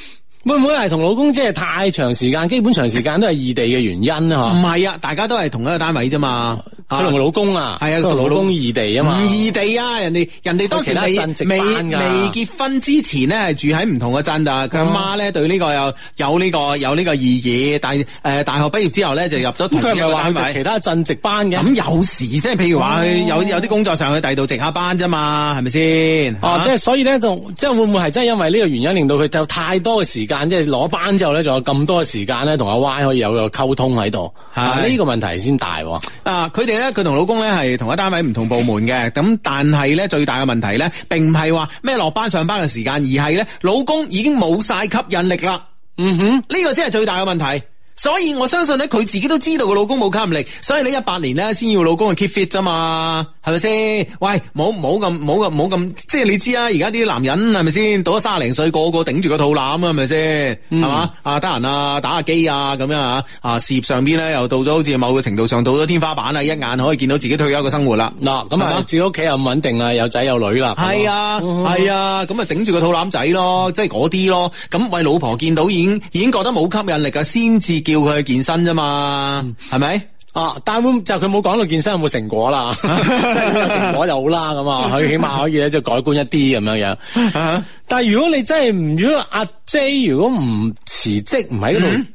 會唔會係同老公即係太長時間，基本長時間都係異地嘅原因啊？唔係啊，大家都係同一個單位啫嘛。佢同個老公啊，係啊，同老公異地啊嘛。唔異地啊，人哋人哋當時他他未未結婚之前呢，係住喺唔同嘅鎮噶。佢阿媽咧，對呢個有有呢、這個有呢個異議。但係誒，大學畢業之後咧就入咗，佢唔係話其他鎮值班嘅。咁有時即係譬如話有、哦、有啲工作上去第二度值下班啫嘛，係咪先？即係所以咧就即係會唔會係真係因為呢個原因令到佢有太多嘅時間？但即係落班之後咧，仲有咁多嘅時間咧，同阿 Y 可以有溝通喺度，啊呢個問題先大。啊，佢哋咧，佢同老公咧係同一單位唔同部門嘅，咁但係咧，最大嘅問題咧，並唔係話咩落班上班嘅時間，而係咧老公已經冇晒吸引力啦。嗯哼，呢個先係最大嘅問題。所以我相信咧，佢自己都知道個老公冇吸引力，所以你一八年咧，先要老公去 keep fit 啫嘛。係咪先？喂，冇冇咁冇咁冇咁，即係你知啊！而家啲男人係咪先，到咗卅零歲，個個頂住個肚腩啊，係咪先？係嘛、嗯、啊，得閒啊，打下機啊，咁樣啊，啊，事業上邊咧又到咗好似某個程度上到咗天花板啊，一眼可以見到自己退休嘅生活啦。嗱，咁啊，自己屋企又唔穩定啊，有仔有女啦。係啊，係啊，咁啊頂住個肚腩仔咯，即係嗰啲咯。咁、啊、位老婆見到已經已經覺得冇吸引力啊，先至叫佢去健身啫嘛，係咪、嗯？啊！但係佢就佢冇講到健身有冇成果啦，即係 [laughs] 有成果就好啦，咁啊，佢起碼可以咧即係改觀一啲咁樣樣。 [laughs] 但係如果你真係唔如果阿 J 如果唔辭職唔喺嗰度。不在那裡嗯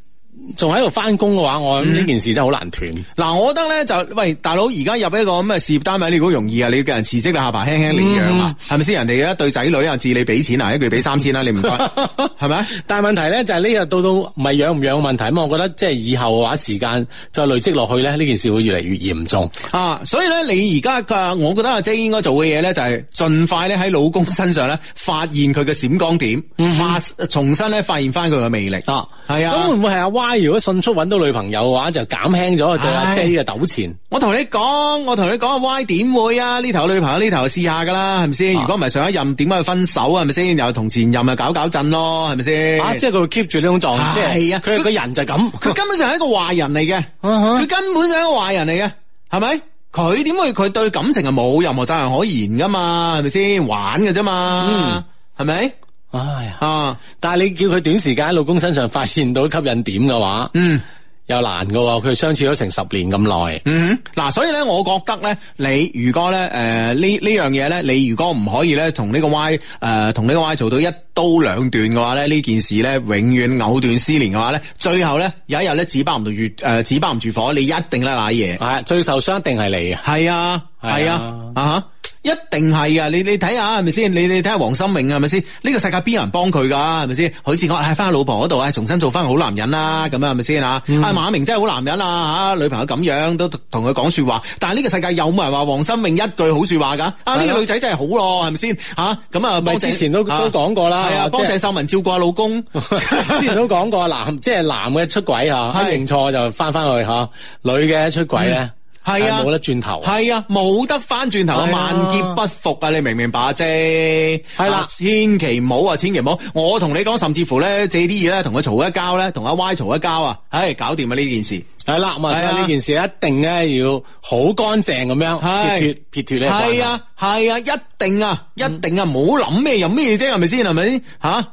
仲喺度翻工嘅話，我諗呢件事真係好難斷。嗱，我覺得咧、嗯啊、就喂，大佬而家入一個咁嘅事業單位，你好容易啊！你要叫人辭職啦，下巴輕輕領養啊，係咪先？是是人哋一對仔女又自你俾錢啊，一個月俾三千啦、啊，你唔該，係咪 [laughs] 吧但係問題咧就係呢日到到唔係養唔養嘅問題咁，我覺得即係以後嘅話，時間就累積落去咧，呢件事會越嚟越嚴重啊！所以咧，你而家嘅我覺得阿姐應該做嘅嘢咧，就係盡快咧喺老公身上咧發現佢嘅閃光點，嗯、哼發重新咧發現翻佢嘅魅力啊！係啊，咁會唔會係阿 Y？如果迅速揾到女朋友嘅話，就減輕咗對阿 J 嘅糾纏。我同你講，我同你講阿 Y 點會啊？呢頭女朋友呢頭試下噶啦，係咪先？啊、如果唔係上一任，點解要分手啊？係咪先？又同前任咪搞搞震咯，係咪先？啊，即係佢 keep 住呢種狀態。係啊，佢個人就咁，佢根本上係一個壞人嚟嘅。佢、uh huh. 根本上係一個壞人嚟嘅，係咪？佢點會？佢對感情係冇任何責任可言噶嘛？係咪先玩嘅啫嘛？嗯，係咪？唉啊！但係你叫佢短時間喺老公身上發現到吸引點嘅話，嗯，又難噶。佢相處咗成十年咁耐，嗯，嗱，所以咧，我覺得咧，你如果咧，誒、呃，呢呢樣嘢咧，你如果唔可以咧，同呢個 Y，誒、呃，同呢個 Y 做到一。刀兩斷嘅話咧，呢件事咧永遠藕斷絲連嘅話咧，最後咧有一日咧紙包唔住月誒，紙、呃、包唔住火，你一定咧瀨嘢係最受傷，一定係你，係啊係啊是啊吓、啊，一定係啊。你你睇下係咪先，你看看是是你睇下黃心穎係咪先？呢、這個世界邊有人幫佢噶係咪先？好似我係翻去老婆嗰度，係、哎、重新做翻好男人啦，咁樣係咪先啊？啊馬明真係好男人啊吓、嗯哎啊啊，女朋友咁樣都同佢講說話，但係呢個世界有冇人話黃心穎一句好說話噶？的啊呢、這個女仔真係好咯，係咪先吓？咁啊，我、啊、之前都、啊、都講過啦。係、哦、啊，多謝、就是、秀文照顧阿老公， [laughs] 之前都講過，男即係、就是、男嘅出軌 [laughs] 啊，一認錯就翻返去吓、啊，女嘅出軌咧。嗯係啊，冇得轉頭、啊。係啊，冇得翻轉頭啊，啊萬劫不復啊，你明唔明白啫？係啦、啊，千祈唔好啊，千祈唔好。我同你講，甚至乎咧，借啲嘢咧，同佢嘈一交咧，同阿 Y 嘈一交啊，唉、哎，搞掂啊呢件事。係啦，咁啊，呢、啊、件事一定咧要好乾淨咁樣，啊、撇脱，撇脱呢個係。係啊，係啊，一定啊，一定啊，唔好諗咩又咩啫，係咪先？係咪？吓、啊，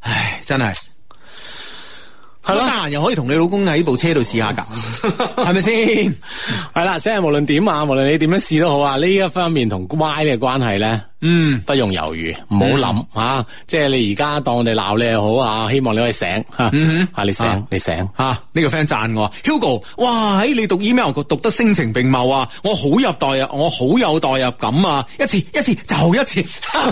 唉，真係。係咯，得閒對又可以同你老公喺呢部車度試下㗎，係咪先？係啦， [laughs] 即係無論點啊，無論你點樣試都好啊。呢一方面同 Y 嘅關係咧，嗯，不用猶豫，唔好諗吓。即係你而家當我哋鬧你又好啊。希望你可以醒吓、嗯嗯啊，你醒，啊、你醒吓。呢、啊啊這個 friend 讚我，Hugo，哇，喺你讀 email 讀得聲情並茂啊，我好有代入，我好有代入感啊，一次一次就一次，好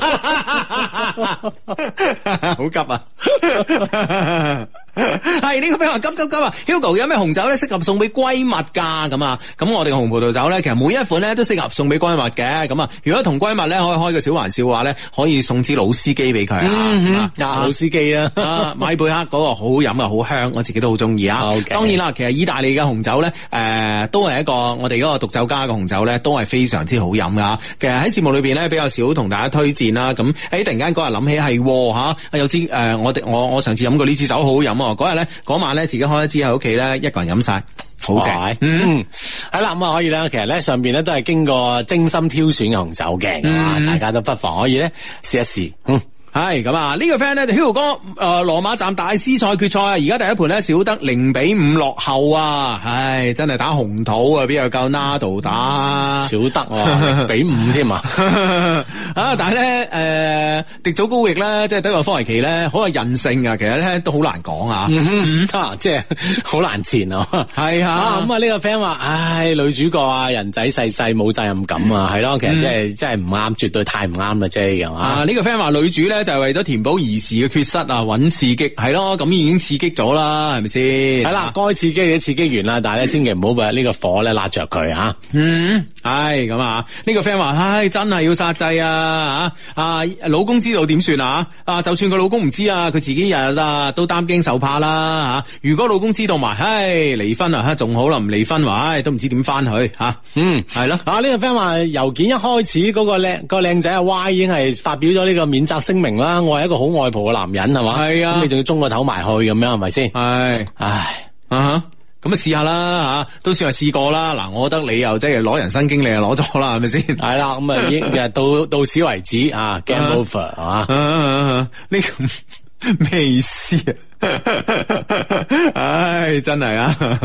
急啊！ [laughs] 係呢、 [laughs] 這個咩話，急急急啊！Hugo 有咩紅酒咧，適合送俾閨蜜噶咁啊？咁我哋紅葡萄酒咧，其實每一款咧都適合送俾閨蜜嘅。咁啊，如果同閨蜜咧可以開個小玩笑嘅話咧，可以送支老司機俾佢啊。嗯、老司機啊馬爾貝克嗰個好好飲啊，好香，我自己都好中意啊。Okay. 當然啦，其實意大利嘅紅酒咧，誒、呃、都係一個我哋嗰個獨酒家嘅紅酒咧，都係非常之好飲噶。其實喺節目裏邊咧比較少同大家推薦啦。咁誒，突然間嗰日諗起係吓、啊，有支誒、呃，我哋我我上次飲過呢支酒好好飲。嗰日咧，嗰、哦那個、晚咧，自己開一支喺屋企咧，一個人飲晒，好正。哇嗯，係啦、嗯，咁啊可以啦。其實咧，上邊咧都係經過精心挑選嘅紅酒嘅，大家都不妨可以咧試一試。嗯係咁啊！這個、fan 呢個 friend 咧就 Hugo 哥誒，羅、呃、馬站大師賽決賽啊，而家第一盤咧，小德零比五落後啊！唉，真係打紅土啊，邊有夠 Nadal 打、啊嗯？小德啊 [laughs] 1比五添啊！ [laughs] [laughs] 啊，但係咧誒，迪祖高域咧，即係德國科維奇咧，好有韌性啊！其實咧都好難講啊，吓、嗯嗯啊，即係好難纏啊，係 [laughs] 啊，咁啊呢、啊、個 friend 話：，唉、哎，女主角啊，人仔細細冇責任感啊，係咯、嗯啊，其實即、就、係、是嗯、真係唔啱，絕對太唔啱啦，即係啊！呢、啊啊、個 friend 話女主咧。就係為咗填補兒時嘅缺失啊，揾刺激係咯，咁已經刺激咗啦，係咪先？係啦，該刺激嘅刺激完啦，但係咧千祈唔好俾呢個火咧焫着佢啊嗯，唉咁啊。呢、這個 friend 話：，唉，真係要殺掣啊！啊，老公知道點算啊？啊，就算佢老公唔知啊，佢自己日日啊都擔驚受怕啦吓、啊。如果老公知道埋，唉，離婚啊吓，仲好啦，唔離婚話，唉，都唔知點翻去吓、啊。嗯，係咯。啊，呢、這個 friend 話郵件一開始、那個靚、那個靚仔啊 Y 已經係發表咗呢個免責聲明啦，我係一個好外婆嘅男人係嘛，係啊，咁你仲要中個頭埋去咁樣係咪先？係，啊、唉，咁啊試下啦吓、啊，都算係試過啦。嗱，我覺得你又即係攞人生經歷啊，攞咗啦係咪先？係啦，咁啊， [laughs] 到到此為止啊，Game Over 係嘛？呢個咩意思啊？唉、 [laughs] 哎，真係啊！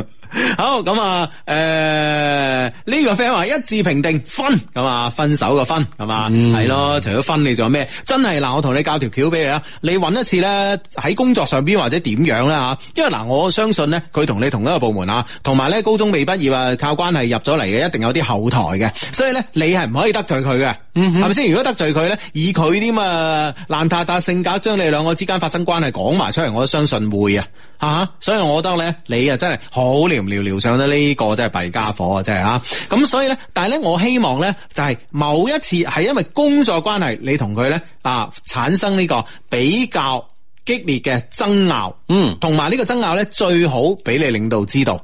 好咁啊，誒呢、呃這個 friend 話一致評定分咁啊，分手嘅分係嘛？係咯，除咗分你仲有咩？真係嗱，我同你教條橋俾你啦。你搵一次咧喺工作上邊或者點樣啦吓？因為嗱，我相信咧佢同你同一個部門啊，同埋咧高中未畢業靠關係入咗嚟嘅，一定有啲後台嘅。所以咧你係唔可以得罪佢嘅，係咪先？如果得罪佢咧，以佢啲嘛啊爛踏踏性格，將你哋兩個之間發生關係講埋出嚟，我都相信會啊吓。所以我覺得咧，你啊真係好聊聊上得呢個真係弊家伙啊，真係吓咁，所以咧，但係咧，我希望咧，就係某一次係因為工作關係，你同佢咧啊產生呢個比較激烈嘅爭拗，嗯，同埋呢個爭拗咧最好俾你領導知道，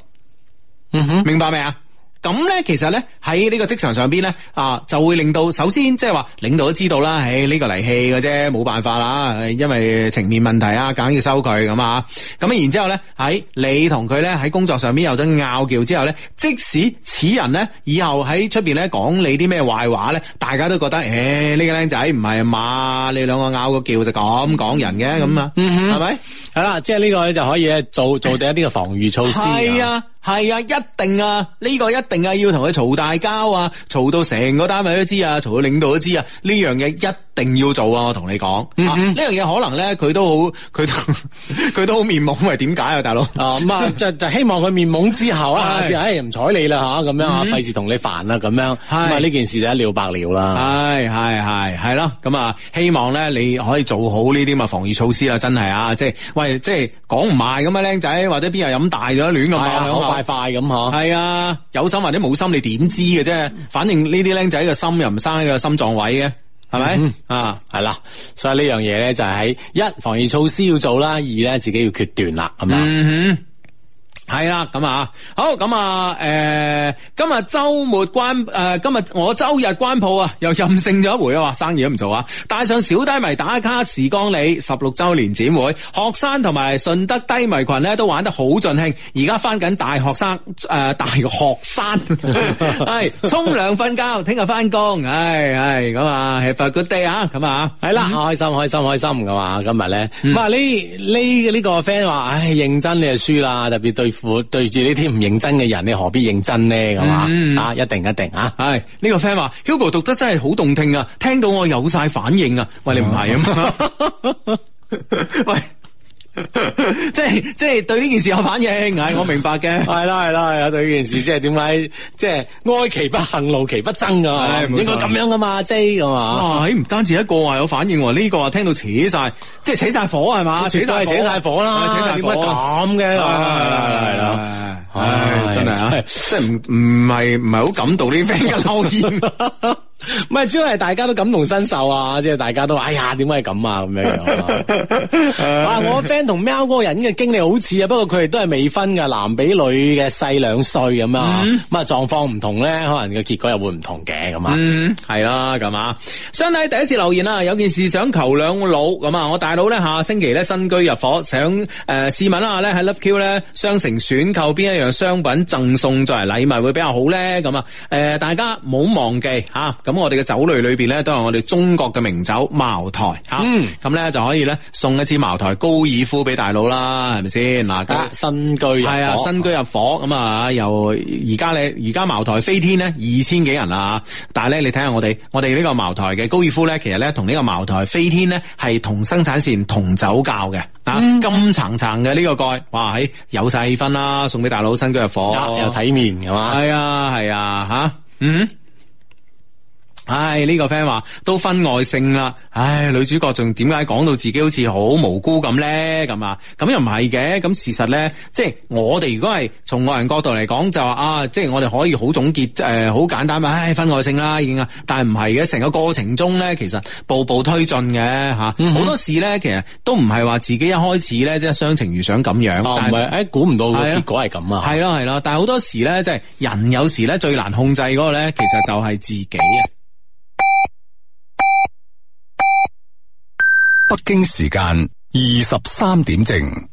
嗯哼，明白未啊？咁咧，其實咧喺呢個職場上邊咧，啊，就會令到首先即係話領導都知道啦，喺呢、這個嚟氣嘅啫，冇辦法啦，因為情面問題啊，梗要收佢咁啊。咁、啊、然之後咧喺你同佢咧喺工作上邊有咗拗撬之後咧，即使此人咧以後喺出邊咧講你啲咩壞話咧，大家都覺得誒呢、欸這個僆仔唔係嘛，你兩個拗個撬就咁講人嘅咁、嗯、啊，係咪？係啦，即係呢個咧就可以做做第一啲嘅防御措施、欸。係啊。啊係啊，一定啊，呢個一定啊，要同佢嘈大交啊，嘈到成個單位都知啊，嘈到領導都知啊，呢樣嘢一定要做啊！我同你講，呢樣嘢可能咧，佢都好，佢都佢都好面懵，喂，點解啊，大佬？啊咁啊，就希望佢面懵之後啊，下次唉唔睬你啦吓，咁樣啊，費事同你煩啦，咁樣咁啊，呢件事就一了百了啦。係係係係咯，咁啊，希望咧你可以做好呢啲嘛防禦措施啦，真係啊，即係喂，即係講唔埋咁啊，僆仔，或者邊日飲大咗亂咁啊。快快咁嗬，係啊，有心或者冇心，你點知嘅啫？反正呢啲僆仔個心又唔生喺個心臟位嘅，係咪、嗯、啊？係啦，所以呢樣嘢咧就係喺一防疫措施要做啦，二咧自己要決斷啦，咁、嗯、哼。係啦，咁啊，好，咁啊，誒、呃，今日周末關誒、呃，今日我周日關鋪啊，又任性咗一回啊，話生意都唔做啊，帶上小低迷打卡時光里十六周年展會，學生同埋順德低迷群咧都玩得好盡興，而家翻緊大學生誒大學生，係沖涼瞓覺，聽日翻工，唉唉，咁啊，have a good day 啊，咁啊、嗯，係啦，開心開心開心，咁啊今日咧，唔係呢呢呢個 friend 話，唉認真你就輸啦，特別對付。對住呢啲唔認真嘅人，你何必認真呢？嘛啊、嗯，一定一定啊！係呢個 friend 話，Hugo 讀得真係好動聽啊，聽到我有晒反應啊！喂，你唔係啊嘛？ [laughs] [laughs] 喂。即係即係對呢件事有反應，係我明白嘅。係啦係啦係啊，對呢件事即係點解即係哀其不幸，怒其不爭啊？應該咁樣噶嘛，即係咁嘛。哇！唔單止一個話，有反應呢個啊，聽到扯晒，即係扯晒火係嘛？扯晒火啦，扯晒點解咁嘅？係啦，唉，真係啊，即係唔唔係唔係好感動呢啲 friend 嘅留言。唔係，主要係大家都感同身受啊！即係大家都話，哎呀，點解係咁啊？咁樣樣啊！哇，我 friend 同喵哥人嘅經歷好似啊，不過佢哋都係未婚嘅，男比女嘅細兩歲咁啊。咁啊，狀況唔同咧，可能嘅結果又會唔同嘅咁啊。係啦，咁啊、嗯。相睇第一次留言啊，有件事想求兩老咁啊。我大佬咧下星期咧新居入伙，想誒試、呃、問一下咧喺 Love Q 咧商城選購邊一樣商品贈送作為禮物會比較好咧？咁、呃、啊，誒大家唔好忘記吓。咁我哋嘅酒類裏邊咧，都係我哋中國嘅名酒茅台吓，咁咧、嗯啊、就可以咧送一支茅台高爾夫俾大佬啦，係咪先嗱？新居入係啊，新居入伙咁啊，又而家咧，而家茅台飛天呢，二千幾人啦，但係咧，你睇下我哋我哋呢個茅台嘅高爾夫咧，其實咧同呢個茅台飛天咧係同生產線同酒窖嘅啊，嗯、金層層嘅呢個蓋，哇，喺有晒氣氛啦，送俾大佬新居入伙又體面係嘛？係啊，係啊，吓、啊，嗯。唉，呢、哎這個 friend 話都分外性啦。唉、哎，女主角仲點解講到自己好似好無辜咁咧？咁啊，咁又唔係嘅。咁事實咧，即係我哋如果係從外人角度嚟講，就話啊，即係我哋可以好總結誒，好、呃、簡單啊，唉、哎，分外性啦已經啊。但係唔係嘅，成個過程中咧，其實步步推進嘅吓，好、嗯、哼多事咧，其實都唔係話自己一開始咧，即係相情如想咁樣，哦、但係是誒，估唔、哎、到個結果係咁啊。係咯係咯，但係好多時咧，即係人有時咧最難控制嗰、那個咧，其實就係自己啊。北京時間二十三點正。